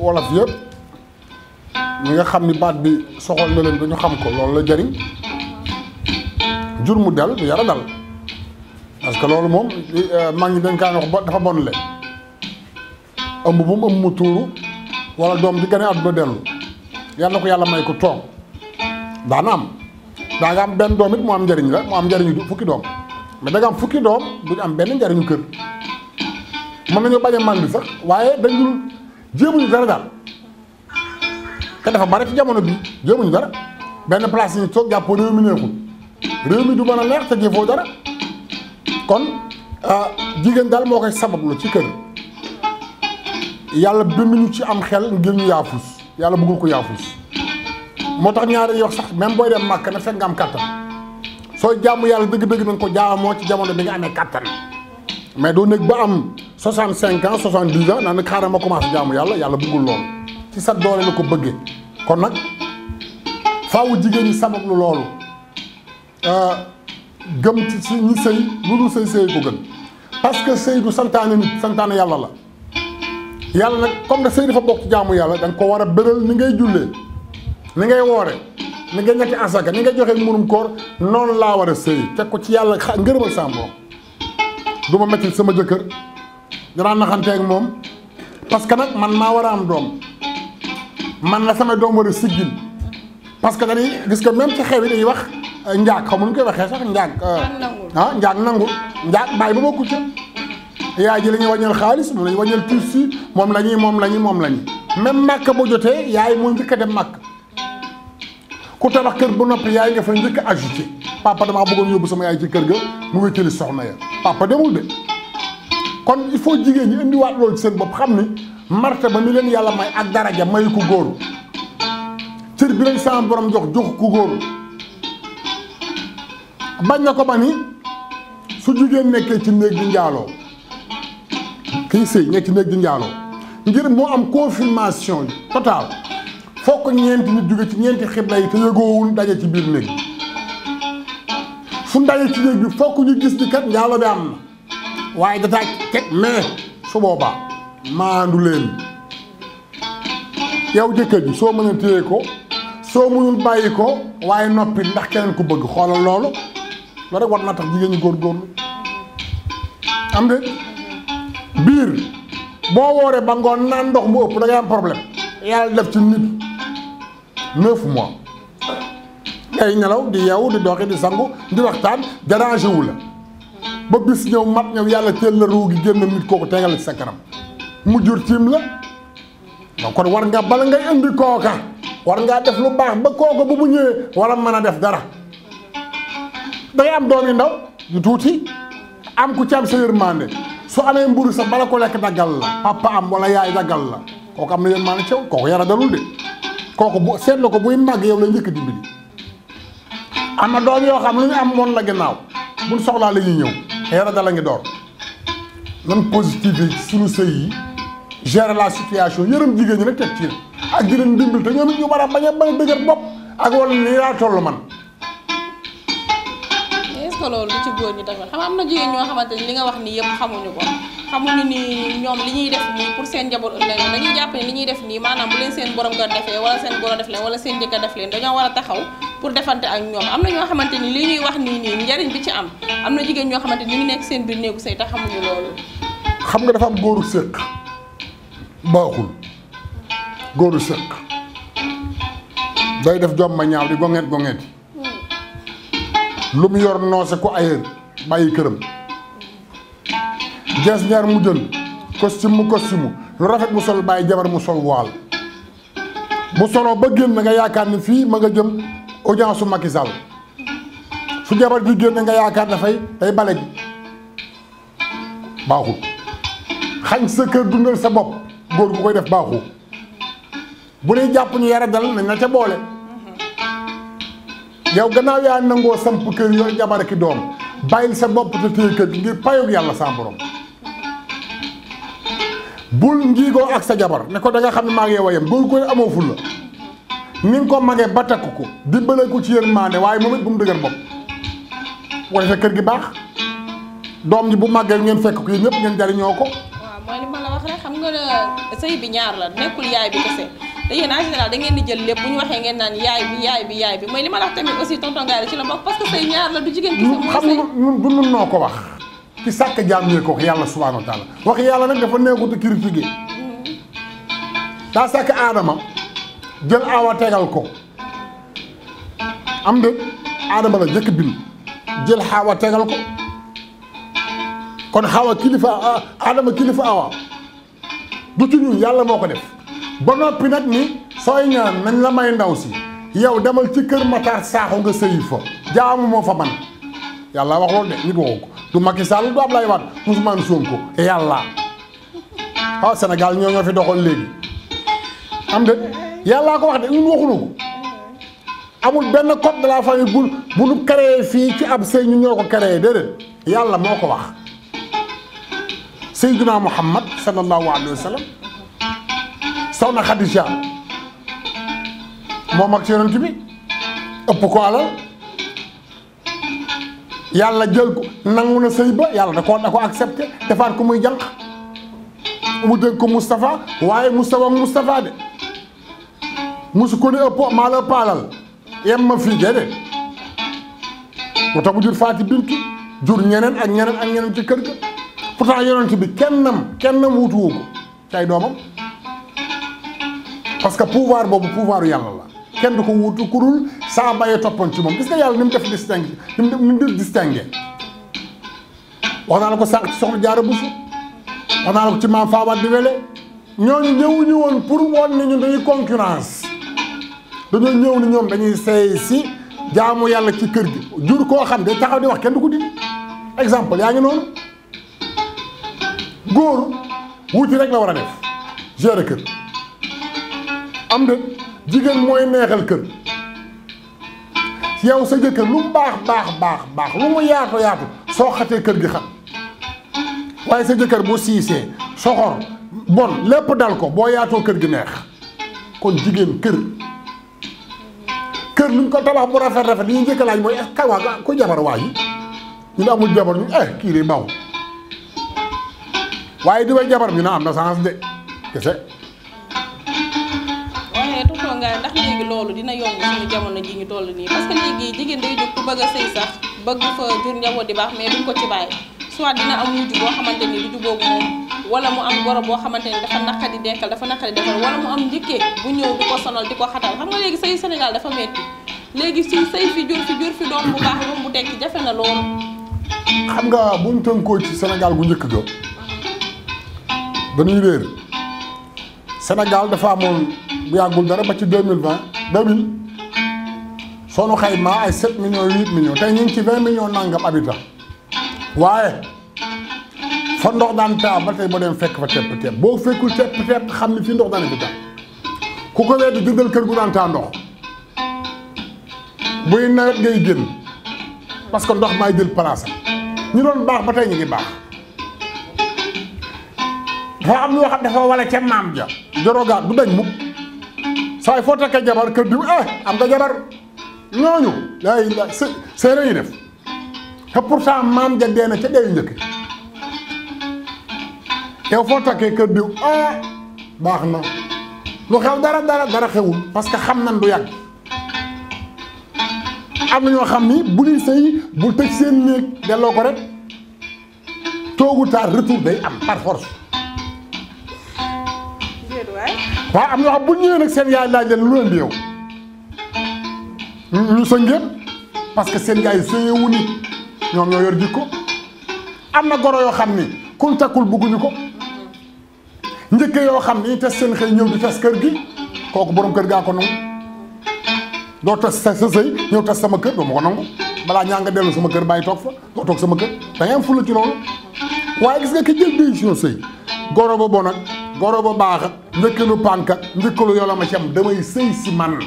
wolof yëpp ñi nga xam ni baat bi soxal na leen ba ñu xam ko loolu la jariñ jur mu del du yara dal parce que loolu moom euh, maa ngi dañ kaan wax ba dafa ëmb bu mu ëmb mu tuuru wala doom di gane àdduna dellu yàlla ko yàlla may ko toog daana am daa am benn doom it mu am njariñ la mu am njariñu fukki doom mais da am fukki doom duñu am benn njariñu kër mën nañu bañ a màndi sax waaye dañul jéemuñu dara daal te dafa bari ci jamono bi jéemuñu dara benn place yi toog jàppoo réew mi neexul réew mi du mën a neex te jëfoo dara kon ah, jigéen daal moo koy sabablu ci kër yàlla binduñu ci am xel ngir ñu yaafus yàlla bëggul ko yaafus moo tax ñaari yox sax même booy dem màkk na fekk nga am kattan sooy jaamu yàlla dëgg-dëgg na nga ko jaamoo ci jamono bi nga amee kattan mais doo nekk ba am 65 ans 70 ans naan nag xaaral ma commencé jaamu yàlla yàlla bëggul loolu ci sa doole la ko bëggee kon nag faawu jigéen ñi sabablu loolu euh, gëm ci si ñi sëy lu dul sëy sëy ko gën parce que sëy du santaane nit santaane yàlla la yàlla nag comme da sëy dafa bokk ci jaamu yàlla da nga ko war a bëral ni ngay jullee ni ngay woore ni nga ñetti asaka ni nga joxee murum koor noonu laa war a sëy teg ko ci yàlla xa ngërëmal sa borom du ma métti sama jëkkër danaa naxanteeg moom parce que nag man maa war a am doom man na sama doom war a siggil parce que dañuy gis que même ci xew yi dañuy wax eh, njaag xamuñ koy waxee sax njaag euh, ah njaag nangu njaag bàyyi ba bokku ca yaay ji la ñuy xaalis moom la ñuy wàññal tuus si moom la ñuy moom la ñuy moom la même màkk bu jotee yaay moo njëkk a dem ku tabax kër bu noppi yaay nga fa njëkk a ajouté dama damaa bëggoon yóbbu sama yaay ci kër ga mu wéttali soxna ya papa demul de kon il faut jigéen ñi indiwaat loolu ci seen bopp xam ni marta ba mi leen yàlla may ak daraja may ku góor cër bi leen sama borom jox jox ku góor bañ na ko ba ni su jigéen nekkee ci néeg bi njaaloo kii sëy nekk ci néeg di njaaloo ngir moo am confirmation total fokk ñeenti nit jóge ci ñeenti xibla yi te yëgoowul daje ci biir néeg fu daje ci néeg bi fokk ñu gis ni njaalo bi am na waaye dataaj teg mais su boobaa maandu leen yow jëkkër ji soo mën a téye ko soo mënul bàyyi ko waaye noppi ndax keneen ku bëgg xoolal loolu loolu rek war na tax jigéen ñi góorgóorlu am de biir boo wooree ba ngoon naan ndox mu ëpp da am problème yàlla def ci nit neuf mois ngay nelaw di yeewu di doxi di sangu di waxtaan dérangé wu la ba bis ñëw mat ñëw yàlla teel la ruu gi génn nit kooku tegal ci sa kanam mu jur tiim la donc kon war nga bala ngay indi kooka war ngaa def lu baax ba kooka bu mu ñëwee wala mën a def dara da am doom yu ndaw yu tuuti am ku ci am sa yërmande su amee mburu sa bala ko lekk daggal la papa am wala yaay daggal la kooku am na yéen maanaam cew kooku yara de kooku bu seet la ko buy màgg yow la njëkk dimbali am na doom yoo xam lu ñu am woon la gannaaw buñ soxlaa la ñuy ñëw yara dala ngi door nan positive ci sëy yi gérer la situation yërëm jigéen ñi rek teg ci ak di leen dimbali te ñoom it ñu war a bañ a a dëgër bopp ak wala ni laa toll man
que loolu lu ci góor ñi tamit xam am na jigéen ñoo xamante ni li nga wax ni yëpp xamuñu ko xamuñu ni ñoom li ñuy def nii pour seen njaboot ëllëg dañuy jàpp ne li ñuy def nii maanaam bu leen seen borom nga defee wala seen goro def leen wala seen jëkk a def leen dañoo war a taxaw pour defante ak ñoom am na ñoo xamante ni li ñuy wax nii nii njariñ bi ci am am na jigéen ñoo xamante ni ñu ngi nekk seen biir néegu sëy te xamuñu loolu
xam nga dafa am góoru sëq baaxul sëq day def jom ma ñaaw di gongeet gongeet lu mu yor noose ko ayeer bàyyi këram jees ñaar mu jël costume mu costume lu rafet mu sol bàyyi jabar mu sol waal bu soloo ba génn nga yaakaar ni fii ma nga jëm audience su Macky su jabar gi génn nga yaakaar dafay day bale gi baaxul xañ sa kër dundal sa bopp góor bu koy def baaxul bu dee jàpp ñu yara na ca boole yow gannaaw yaa nangoo samp kër yooyu jabar ki doom bàyyil sa bopp te téye kër ngir payug yàlla sa borom bul njiigoo ak sa jabar ne ko da xam ne maa ngi wayam bul koy amoo fulla ni ko magee ba takk ko dimbale ko ci yërmande waaye moom it bu mu dëgër bopp wala sa kër gi baax doom ji bu màggee ngeen fekk ko yéen ñëpp ngeen jariñoo
ko. waaw mooy li ma wax rek xam nga sëy bi ñaar la nekkul yaay bi kese. te yéen da ngeen di jël lépp bu ñu naan yaay yaay bi yaay mooy li ma la wax tamit aussi tonton Gaye ci la bokk parce que xam nga ñun
du ko wax ci sàkk jaam ñooy ko wax yàlla subhanahu wa taala wax yàlla nag dafa neexut daa sàkk aadama jël awa tegal ko am de aadama la jëkk bind jël xaawa tegal ko kon xaawa kilifa aadama kilifa awa du ci yàlla moo ko def ba noppi nag ni sooy ñaan nañ la may ndaw si yow demal ci kër Matar Sakho nga sëyi fo jaamu fa man yàlla wax loolu de nit waxu ko du Macky Sall du Abdoulaye Wade Ousmane Sonko yàlla waaw ah, Sénégal ñoo ñoo fi doxal léegi am de yàllaa ko wax de ñun waxuñu ko amul benn code de la famille bu bu nu créé fii ci ab sëy ñu ñoo ko créé déedéet yàlla moo ko wax Seydina Muhammad sallallahu alayhi wa sallam soxna Khadija moo mag ci yonent bi ëpp ko alal yàlla jël ko nangu na sëy ba yàlla da ko da ko accepté defaat ko muy jànq mu dégg ko Moustapha waaye Moustapha ak Moustapha de musu ko ne ëpp maa la ëpp alal yem ma fii déedéet moo tax mu jur Faati Bintu jur ñeneen ak ñeneen ak ñeneen ci kër ga pourtant yonent bi kennam kennam wutuwu ko tey doomam parce que pouvoir boobu pouvoiru yàlla la kenn du ko wutu ku dul saa bayee toppoon ci moom gis nga yàlla ni mu def distingue ni mu ni mu def distingue wax naa la ko sànq ci soxna bu Buso wax naa la ko ci maam Faabaat di wele ñooñu ñëwuñu woon pour woon ne ñu dañuy concurrence dañoo ñëw ni ñoom dañuy seey si jaamu yàlla ci kër gi jur koo xam day taxaw di wax kenn du ko di exemple yaa ngi noonu góor wuti rek la war a def gérer kër am de jigéen mooy neexal kër yow sa jëkkër lu baax baax baax baax lu mu yaatu yaatu soo xatee kër gi xat waaye sa jëkkër bu siisee soxor bon lépp dal ko boo yaatoo kër gi neex kon jigéen kër kër luñ ko tabax bu rafet rafet li ñu njëkk laaj mooy est-ce que waa ku jabar waa yi ñu jabar ñu eh kii de baw waaye di way jabar ñu ne am na sens de
nga ndax léegi loolu dina yomb suñu jamono ji ngi toll nii parce que léegi jigéen day jóg ku bëgg a sëy sax bëgg fa jur njaboot di baax mais duñ ko ci bàyyi soit dina am wujj boo xamante ni wujj boobu moom wala mu am goro boo xamante ni dafa naqadi dekkal dafa naqadi dekkal wala mu am njëkkee bu ñëw di ko sonal di ko xatal xam nga léegi sëy Sénégal dafa metti léegi si sëy fi jur fi jur fi doom bu baax doom bu tekki jafe na loolu
xam nga bu ñu tënkoo ci Sénégal bu njëkk ga dañuy réer Sénégal dafa bu yàggul dara ba ci deux mille vingt deux mille sonu xaymaa ay sept millions huit millions tey ñu ci vingt millions nangam habitant waaye ndox daan taa ba tey ba dem fekk fa tepp tepp boo fekkul tepp tepp xam ne fii ndox daan fi taa ku ko weddi jëndal kër gu daan taa ndox buy nawet ngay génn parce que ndox maay jël place ñu doon baax ba tey ñu ngi baax dafa am yoo xam dafa wala ca maam ja jorogaat du dañ mukk saay foo takkee jabar kër diw eh am nga jabar ñooñu laay la séeréer yi def te pourtant maam ja na ca deeyu njëkk yow foo takkee kër diw ah baax na lu xew dara dara dara xewul parce que xam nan du yàgg am na ñoo xam ni bu ñuy sëy bul tëj seen néeg delloo ko rek toogu taar retour day am par force waaw am na xam bu ñëwee nag seen yaay laaj leen lu leen di ñu sëngeen parce que seen yaay sëyewu ni ñoom ñoo yor jikko am na goro yoo xam ni kuñ takkul bugguñu ko njëkk yoo xam ni tes seen xëy ñëw di tes kër gi kooku borom kër gaa ko nangu doo tes sa sëy ñëw tes sama kër doo ma ko nangu balaa ñaa nga dellu sama kër bàyyi toog fa doo toog sama kër da ngay am fulla ci loolu waaye gis nga ki jël décision sëy goro booboo nag goro ba baax ak njëkkalu pànk ak njëkkalu yoloma ci am damay sëy si man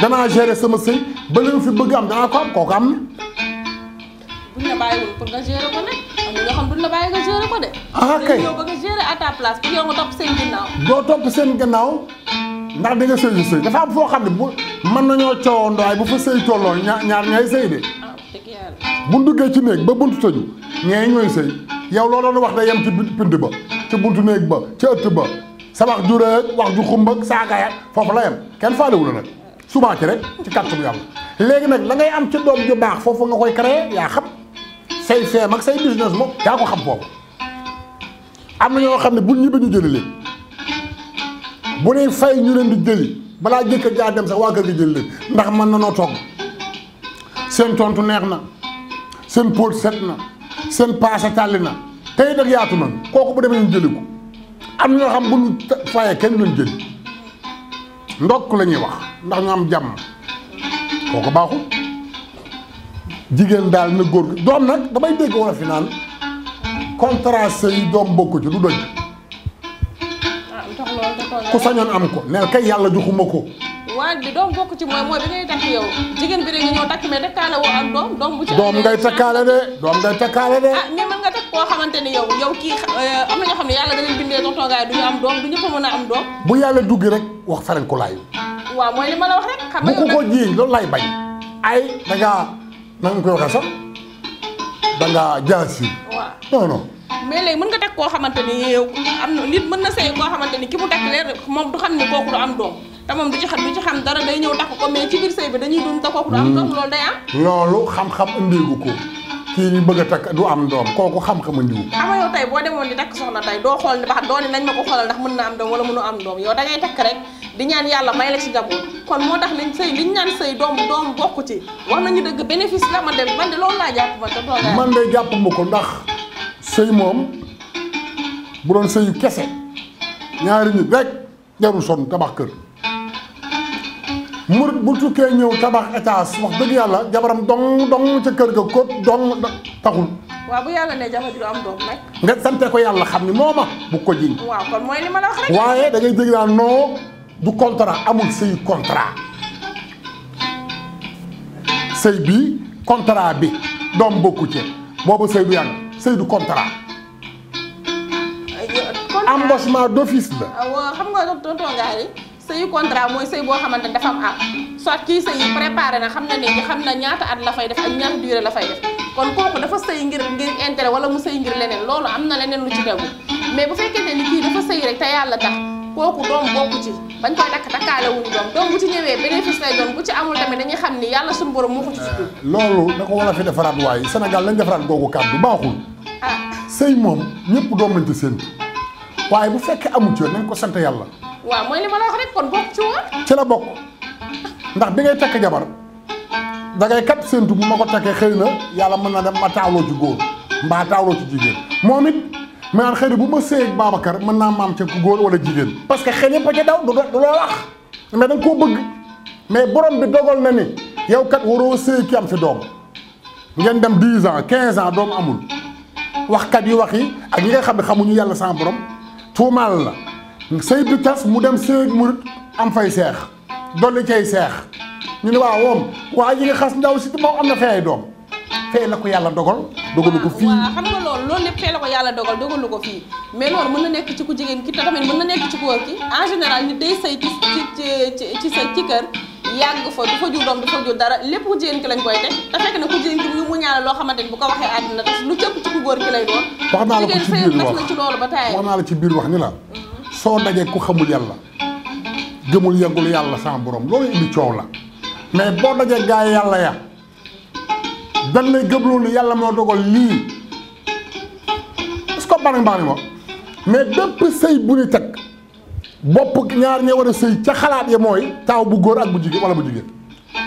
danaa gérer sama sëy ba bëgg am danaa ko am am na.
buñ la bàyyiwul pour nga gérer ko la de. ah kay yow ta place pour topp seen gannaaw.
doo topp seen gannaaw ndax di nga sëy si sëy dafa am foo xam ne bu mën nañoo coowoo ndoy bu fa sëy tolloo ñaar ñaar ñay sëy de. Ah, bu duggee ci néeg ba buntu tëju ñee ñooy sëy yow loo doon wax day yem ci pind ba. ca buntu néeg ba ca ëtt ba sa wax ju rëy wax ju xumb ak saaga foofu la yem kenn faalewu la nag souvent ci rek ci kàttu bu yàlla léegi nag la ngay am ci doom ju baax foofu nga koy créer yaa xam say feem ak say business moom yaa ko xam foofu am na ñoo xam ne bu ñibbi ñu jëli leen bu ne fay ñu leen di jëli balaa jëkk jaa dem sax waa kër gi jëli leen ndax mën na noo togg seen tontu neex na seen póot set na seen paase tàlli na tey nag yaatu na kooku bu demee ñu jëli ko am ñoo xam bu ñu kenn duñ jëli ndokk la ñuy wax ndax ñu am jàmm kooku baaxul jigéen daal na góor gi doom nag damay dégg wala fi naan contrat sëy doom bokku ci du doy ah,
ku sañoon am ko
neel kay yàlla joxuma ko
waa bi doom bokk ci mooy mooy bi ngay takk yow jigéen bi rek nga ñëw takk mais takkaale woo ak doom doom bu ci doom ngay
takkaale de doom ngay
ah, takk koo xamante ni yow yow kii eh, am na ñoo xam ne yàlla da leen bindee toxtongaay du ñu am doom du ñëpp mën a am doom
bu yàlla dugg rek wax feneen ku laay
waaw mooy li ma la wax rek xam nga bu ko bañ ay
da ngaa na nga koy waxee sax da ngaa jaasi
mën nga takk koo xamante ni am na nit mën na sëy koo xamante ni ki mu takk leer moom du xam ne kooku du am doom te moom du ci xam du ci xam dara day ñëw takk ko mais ci biir sëy bi dañuy dund te kooku du am doom hmm. loolu day
am. loolu xam-xam indiwu ko. kii ñu bëgg a takk du am doom kooku xam-xam indiwu ko.
ama boo demoon di takk soxna tey doo xool ni ba xam doo ko xoolal ndax mën na am doom wala mënu am doom yow da ngay rek. di ñaan yàlla may la ci njaboot kon moo tax liñ sëy liñ ñaan sëy doom doom bokku ci wax nañu dëgg bénéfice la man de man de loolu laa jàpp man de. man
de jàpp ma ko ndax sëy moom bu doon kese ñaari nit rek jarul sonn kër murit bu tukkee ñëw tabax étage wax dëgg yàlla jabaram dong dong ca kër ga ko dong taxul.
waaw bu yàlla ne jabar ju am doom nag.
nga sante ko yàlla xam ni moo ma bu ko li
ma la wax rek. waaye
da ngay dégg naa non du contra amul sëy contrat sëy bi contrat bi doom bokku ci boobu sëy du yàgg sëy du contrat. embauchement d'office la.
Ah, waaw xam nga tonton Ngaye sëyu contrat mooy sëy boo xamante ne dafa am at soit kii sëy yi préparé na xam na ne xam na ñaata at la fay def ak ñaata durée la fay def kon kooku dafa sëy ngir ngir intérêt wala mu sëy ngir leneen loolu am na leneen lu ci tegu mais bu fekkente ni kii dafa sëy rek te yàlla tax kooku doom bokku ci bañ koy dakk takkaale doom doom bu ci ñëwee bénéfice lay doon bu ci amul tamit dañuy xam ni yàlla suñu borom moo ko ci tudd
eh, loolu na ko war a fi defaraat waaye Sénégal lañ defaraat googu kàddu baaxul
ah sëy
moom ñëpp doom lañ ci séentu waaye bu fekkee amu ci nañ ko sant yàlla
waaw mooy li ma kon bokk ci
ci la bokk ndax bi ngay takk jabar da ngay kat séntu bu ma ko takkee xëy na yàlla mën na dem ma taawloo ci góor mbaa taawloo ci jigéen moom it ma naan xëy na bu ma seeyee ak Babacar mën naa maam ca góor wala jigéen. parce que xëy na ba ca daw du du la wax mais da koo bëgg mais borom bi dogal na ni yow kat waroo seey ki am fi doom ngeen dem 10 ans 15 ans doom amul waxkat yi wax yi ak yi ngay xam ne xamuñu yàlla sans borom tuumaal la. sëy bi tas mu dem sëy murit am fay seex dolli cay seex ñu ne waaw woom waa ji nga xas ndaw si moom am na fee ay doom fee la ko yàlla dogal dogalu ko fii waaw
xam nga loolu loolu lépp ko yàlla dogal dogalu ko fii mais loolu mën na nekk ci ku jigéen ki te tamit mën na nekk ci ku góor ki en général nit day sëy ci ci ci sëy ci kër yàgg fa du fa jur doom du fa jur dara lépp ku jigéen ki lañ koy teg te fekk na ku jigéen ki mu ñaanal loo xamante ni bu ko waxee àddina te lu cëpp ci ku góor ki lay doon wax naa la ko ci biir wax ba taay
wax naa la ci biir wax ni la mm. soo dajee ku xamul yàlla gëmul yëngul yàlla sans borom loolu indi la mais boo dajee gaay yàlla ya dañ lay gëmloo yàlla moo dogal lii est-ce que bari bari mais bépp sëy bu ñu teg bopp ñaar ña war a sëy ca xalaat yi mooy taaw bu góor ak bu jigéen wala bu jigéen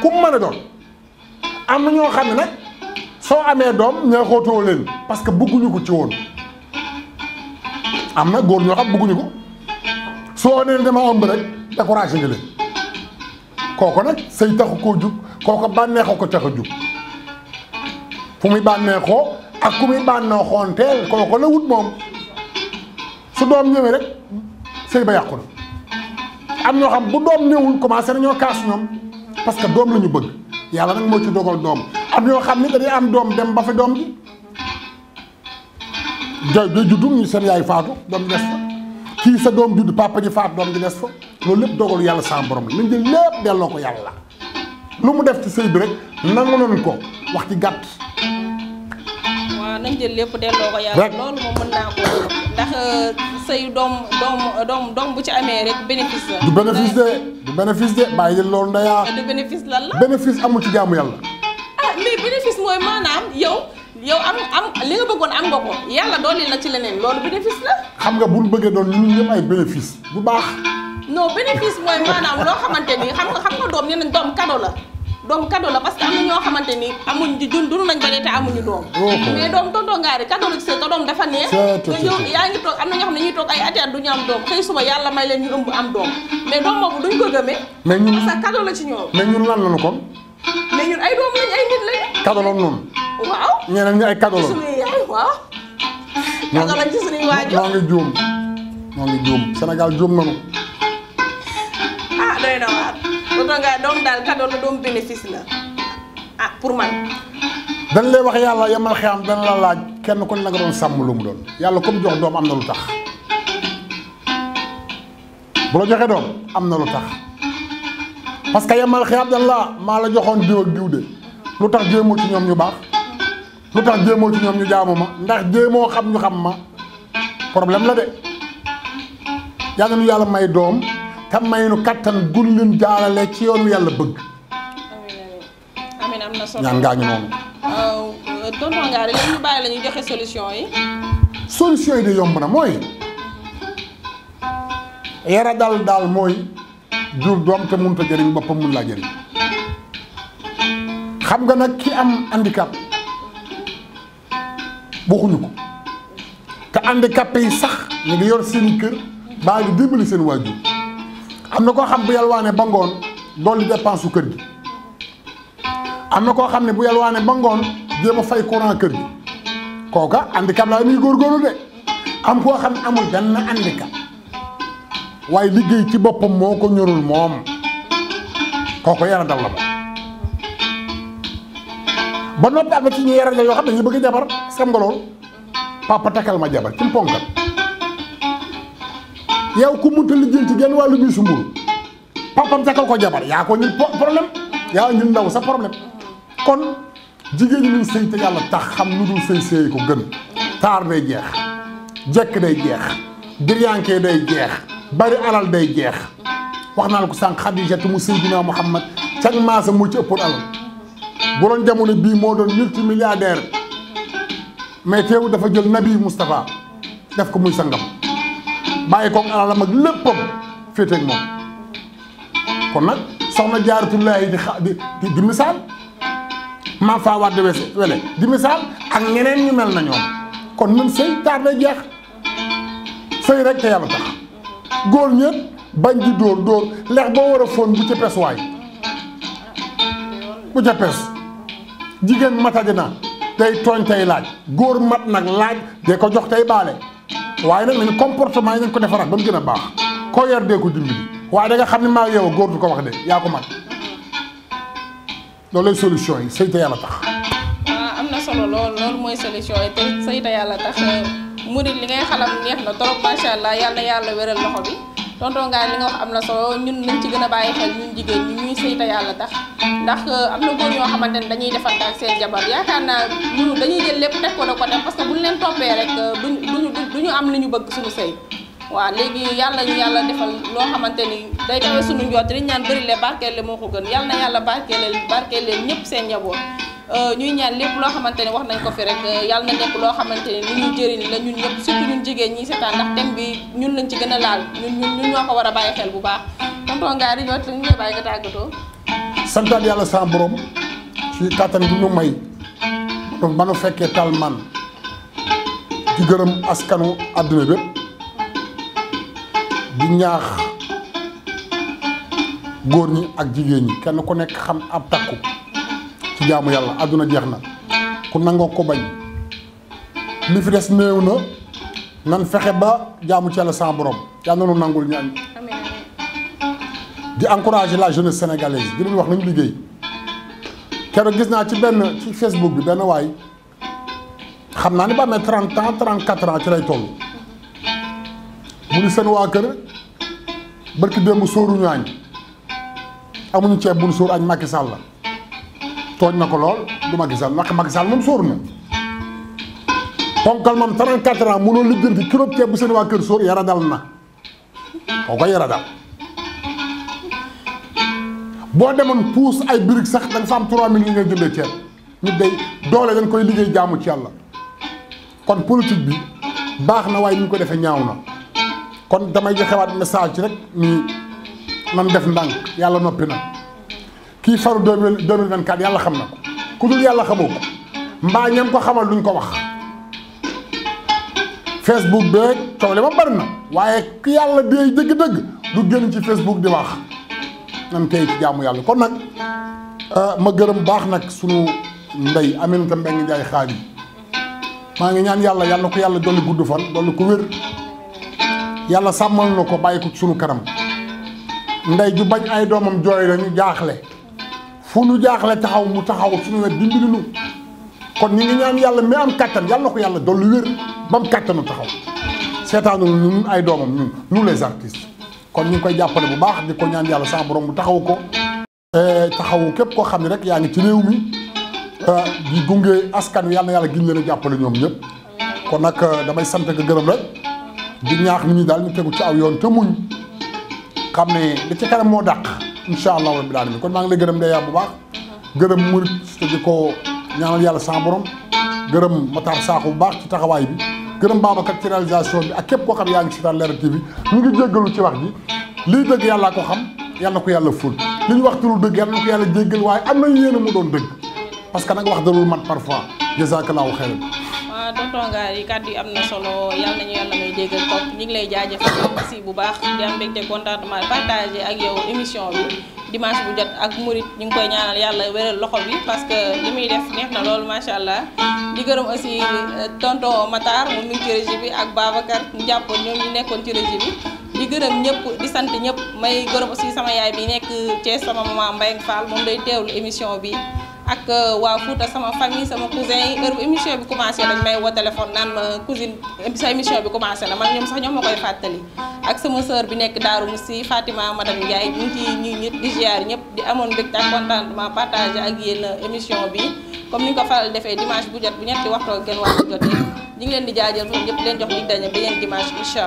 ku mën doon am na ñoo xam ne nag soo amee doom ñoo xootoo leen parce que bëgguñu ko ci woon am na góor ñoo xam bëgguñu ko soo nee dama ëmb rek découragé nga leen kooku nag sëy taxu koo jug kooku bànneexu ko tax a fu muy bànneexoo ak ku muy bànneexoonteel kooku la wut moom su doom ñëwee rek sëy ba yàqu na am ñoo xam bu doom ñëwul commencé nañoo kaas ñoom parce que doom la ñu bëgg yàlla nag moo ci dogal doom am ñoo xam ni dañuy am doom dem ba fa doom ji day day juddu ñu seen yaay faatu doom des fa kii sa doom judd papa ji faat doom ji des fa loolu lépp dogalu yàlla sa borom la nañ jël lépp delloo ko yàlla lu mu def ci sëy bi rek nangu nañ ko wax ci gàtt.
waaw nañ jël lépp delloo ko yàlla. loolu moom mën naa ko ndax euh, sëy doom doom doom doom bu ci amee rek bénéfice la.
du bénéfice de bàyyi loolu ndeyaa. du
bénéfice lan la.
bénéfice amul ci jaamu yàlla.
ah mais bénéfice mooy maanaam yow. yow am am li nga bëggoon am nga ko yàlla dolli na ci leneen loolu bénéfice la. xam nga bu ñu bëggee doon ñun ñëpp ay bénéfice bu baax. non bénéfice mooy maanaam loo xamante xam nga xam nga doom nee nañ doom kado la. doom la parce que am xamante ni amuñ di dund dund nañ ba dee te amuñu doom. Oh, oh. mais doom am na ñoo xam ne ñuy toog ay ati at du ñu am doom xëy suba yàlla may leen ñu ëmb am doom mais doom boobu duñ ko gëmee. mais ñun parce la ci ñoom.
mais ñun lan la ñu kon.
mais ñun ay doom lañ ay nit lañ. kado noonu. waaw
ñeneen ñi ay kado la.
suñuy moo ngi
juum moo ngi juum Sénégal ah
doy bu toogee doom daal kado la doom bénéfice la ah pour man.
dañ lay wax yàlla yamal xiyam dana la laaj kenn ku ne la nga doon sàmm lu doon yàlla comme jox doom am na lu tax bu la joxee doom am na lu tax. parce que yamal xiyaam dan la maa la joxoon diw ak diw de lu tax jéemoo ci ñoom ñu baax lu tax jéemoo ci ñoom ñu jaamu ndax jéemoo xam ñu xam ma problème la de yàlla nu yàlla may doom te may nu kattan gun leen jaarale ci yoonu yàlla bëgg
amiin am na ñaan ngaa noonu euh, tonton Ngari ñu bàyyi la joxe solution yi
solution yi de yomb na mooy yara dal daal mooy jur doom te mënut a jëriñ boppam mun laa jëriñ xam nga nag ki am handicap waxuñu ko te handicapé yi sax ñu ngi yor seeni kër baa ngi dimbali seen waajur am na koo xam bu yalwaane ba ngoon dolli dépense su kër gi am na koo xam ne bu yalwaane ba ngoon jéem a fay courant kër gi kooka handicap laa muy góorgóorlu de am koo xam ne amul benn handicap waaye liggéey ci boppam moo ko ñorul moom kooku yara daw la ba noppi am na ci ñi yara yoo xam ne dañu bëgg jabar sam nga lool papa takkal ma jabar ci ponkal yow ku munta lijjanti genn wàllu bi sumbul papam takkal ko jabar yaa ko ñun problème yaa ñun ndaw sa problème kon jigéen ñi ñuy sëy te yàlla tax xam lu dul sëy sëy ko gën taar day jeex jekk day jeex diriyànkee day jeex bari alal day jeex wax naa la ko sànq Xadijatu mu Seydina Muhammad cag maasa moo ci ëppoon alal bu doon jamono bii moo doon multimilliardaire mais teewu dafa jël nabi Moustapha def ko muy sangam bàyyi koog alalam ak léppam féete ak moom kon nag soxna jaaratullaahi di xa di di misaal maa faa war di wese wele di misaal ak ñeneen ñu mel na ñoom kon ñun sëy taar na jeex sëy rek te yàlla tax góor ñët bañ di dóor dóor lex boo war a fóon bu ca pes waay bu ca pes jigéen matadina tey tooñ tey laaj góor mat nag laaj de ko jox tey baale waaye nag nañ comportement yi nañ ko defaraat ba mu gën a baax koo yar dee ko dimbali waaye da xam ne maa yow góor du ko wax de yaa ko mat loolu solution yi sëy te yàlla tax.
waaw ah, loolu mooy solution yi te sëy yàlla tax. murid li ngay xalam neex na trop macha allah yàlla yàlla wéral loxo bi tonton Ngaye li nga wax am na solo ñun nañ ci gën a bàyyi xel ñu jigéen ñi ñuy sëy te yàlla tax ndax euh, am na góor ñoo xamante ne dañuy defante ak seen jabar yaakaar naa munu dañuy jël lépp teg ko da parce que buñ leen toppee rek euh, duñ duñu duñu am li ñu bëgg suñu sëy waaw léegi yàlla ñu yàlla defal loo xamante ni day kawe suñu njoot dañ ñaan bëri le moo ko gën yàlla na yàlla barkeel barkeel leen ñëpp seen njaboot Euh, ñuy ñaan lépp loo xamante ne wax nañ ko fi rek euh, yàlla na nekk loo xamante ne li jëriñ la ñun ñëpp surtout ñun jigéen ñi seetaan ndax thème bi ñun lañ ci gën a laal ñun ñoo ko war a bàyyi xel bu baax tonton Ngari ñoo ñu ngi nga tàggatoo.
santaat yàlla sa borom ci kattan bi ñu may donc manu fekkee tal man di gërëm askanu àdduna bépp di ñaax góor ñi ak jigéen ñi kenn ku nekk xam ab takku. ci jaamu yàlla àdduna jeex na ku nangoo ko bañ fi des néew na nan fexe ba jaamu ci yàlla sans borom yàlla na nu nangul ñaan di encourager la jeunesse sénégalaise di leen wax nañu liggéey keroog gis naa ci benn ci Facebook bi benn waay xam naa ni ba amee trente ans trente quatre ans ci lay toll mu ni seen waa kër barki démb sóoru ñu añ amuñu ceeb bu ñu sóor añ Macky Sall tooñ na ko lool du Macky Sall ndax Macky Sall moom sóor na ponkal moom 34 ans mënoo lijjanti kilo ceeb bu seen waa kër soo yara dal na koo ko yara boo demoon puus ay birig sax da nga fa am 3000 yi ngay jëndee ceeb ñu day doole dañ koy liggéey jaamu ci yàlla kon politique bi baax na waaye ni ko defee ñaaw na kon damay joxewaat message rek nii man def ndànk yàlla noppi na kii faru deux mille deux mille yàlla xam na ko ku dul yàlla xamoo ko mbaa ñam ko xamal luñ ko wax Facebook beeg coow li ma bari na waaye ki yàlla dee dëgg-dëgg du génn ci Facebook di wax nan tey ci jaamu yàlla kon nag ah, ma gërëm baax nag sunu ndey Aminata Mbengue Ndiaye xaar yi maa ngi ñaan yàlla yàlla ko yàlla dolli gudd fan dolli ko wér yàlla sàmmal na ko bàyyi ko sunu kanam ndey ju bañ ay doomam jooy lañu jaaxle. fu nu jaaxle taxaw mu taxaw suñu wet dimbali nu kon ñu ngi ñaan yàlla mi am kattan yàlla na ko yàlla dolli wér ba mu kattanu taxaw seetaanu ñun ay doomam ñun nous les kon ñu ngi koy jàppale bu baax di ko ñaan yàlla sa borom mu taxaw ko eh, taxawu képp koo xam ne rek yaa ngi ci réew mi eh, di gunge askan wi yàlla na yàlla gin leen a jàppale ñoom ñëpp kon nag eh, damay sant ak gërëm rek di ñaax nit ñi daal ñu tegu ci aw yoon te muñ xam ne li ci kanam moo dàq incha allah rabbil alamin kon maa ngi lay gërëm day yàlla bu baax. gërëm murit te di ko ñaanal yàlla sans borom. gërëm Matar Sakho bu baax ci taxawaay bi. gërëm Babacar ci réalisation bi ak képp koo xam yaa ngi seetaan Leral TV ñu ngi jéggalu ci wax ji lii dëgg yàllaa ko xam yàlla ko yàlla ful li ñu wax ci lu dëgg yàlla ko yàlla jéggal waaye am nañu yéene mu doon dëgg parce que nag wax dalul mat parfois jazakallahu xeyran
tontongaar yi kàddu yi am na solo yàlla nañu yàlla may dégg ak topp ñu ngi lay jaajëfal aussi baax di am mbégte contentement partagé ak yow émission bi dimanche bu jot ak murit ñu ngi koy ñaanal yàlla wéral loxo bi parce que li muy def neex na loolu macha allah di gërëm aussi euh, tonton Matar mu ngi ci régie bi ak Babacar ñu jàpp nekkoon ci régie bi di gërëm ñëpp di sant ñëpp may gërëm aussi sama yaay bi nekk Thiès sama maman mbay faal moom day teewlu émission bi ak euh, waa Fouta sama famille sama cousin yi heure émission bi commencé dañ may woo téléphone naan ma cousine euh, sa émission bi commencé na man ñoom sax ñoom ma koy fàttali ak sama sœur bi nekk Daaru Moussi Fatima madame Ndiaye ñu ngi ciy ñuy ñëpp di ziar ñëpp di amoon mbégte ak contentement partagé ak yéen euh, émission bi comme ni ñu ko faral defee dimanche bu jot bu ñetti waxtoo gën waxtu jotee ñu ngi leen di jaajëfal ñëpp leen jox dig daje beneen dimanche incha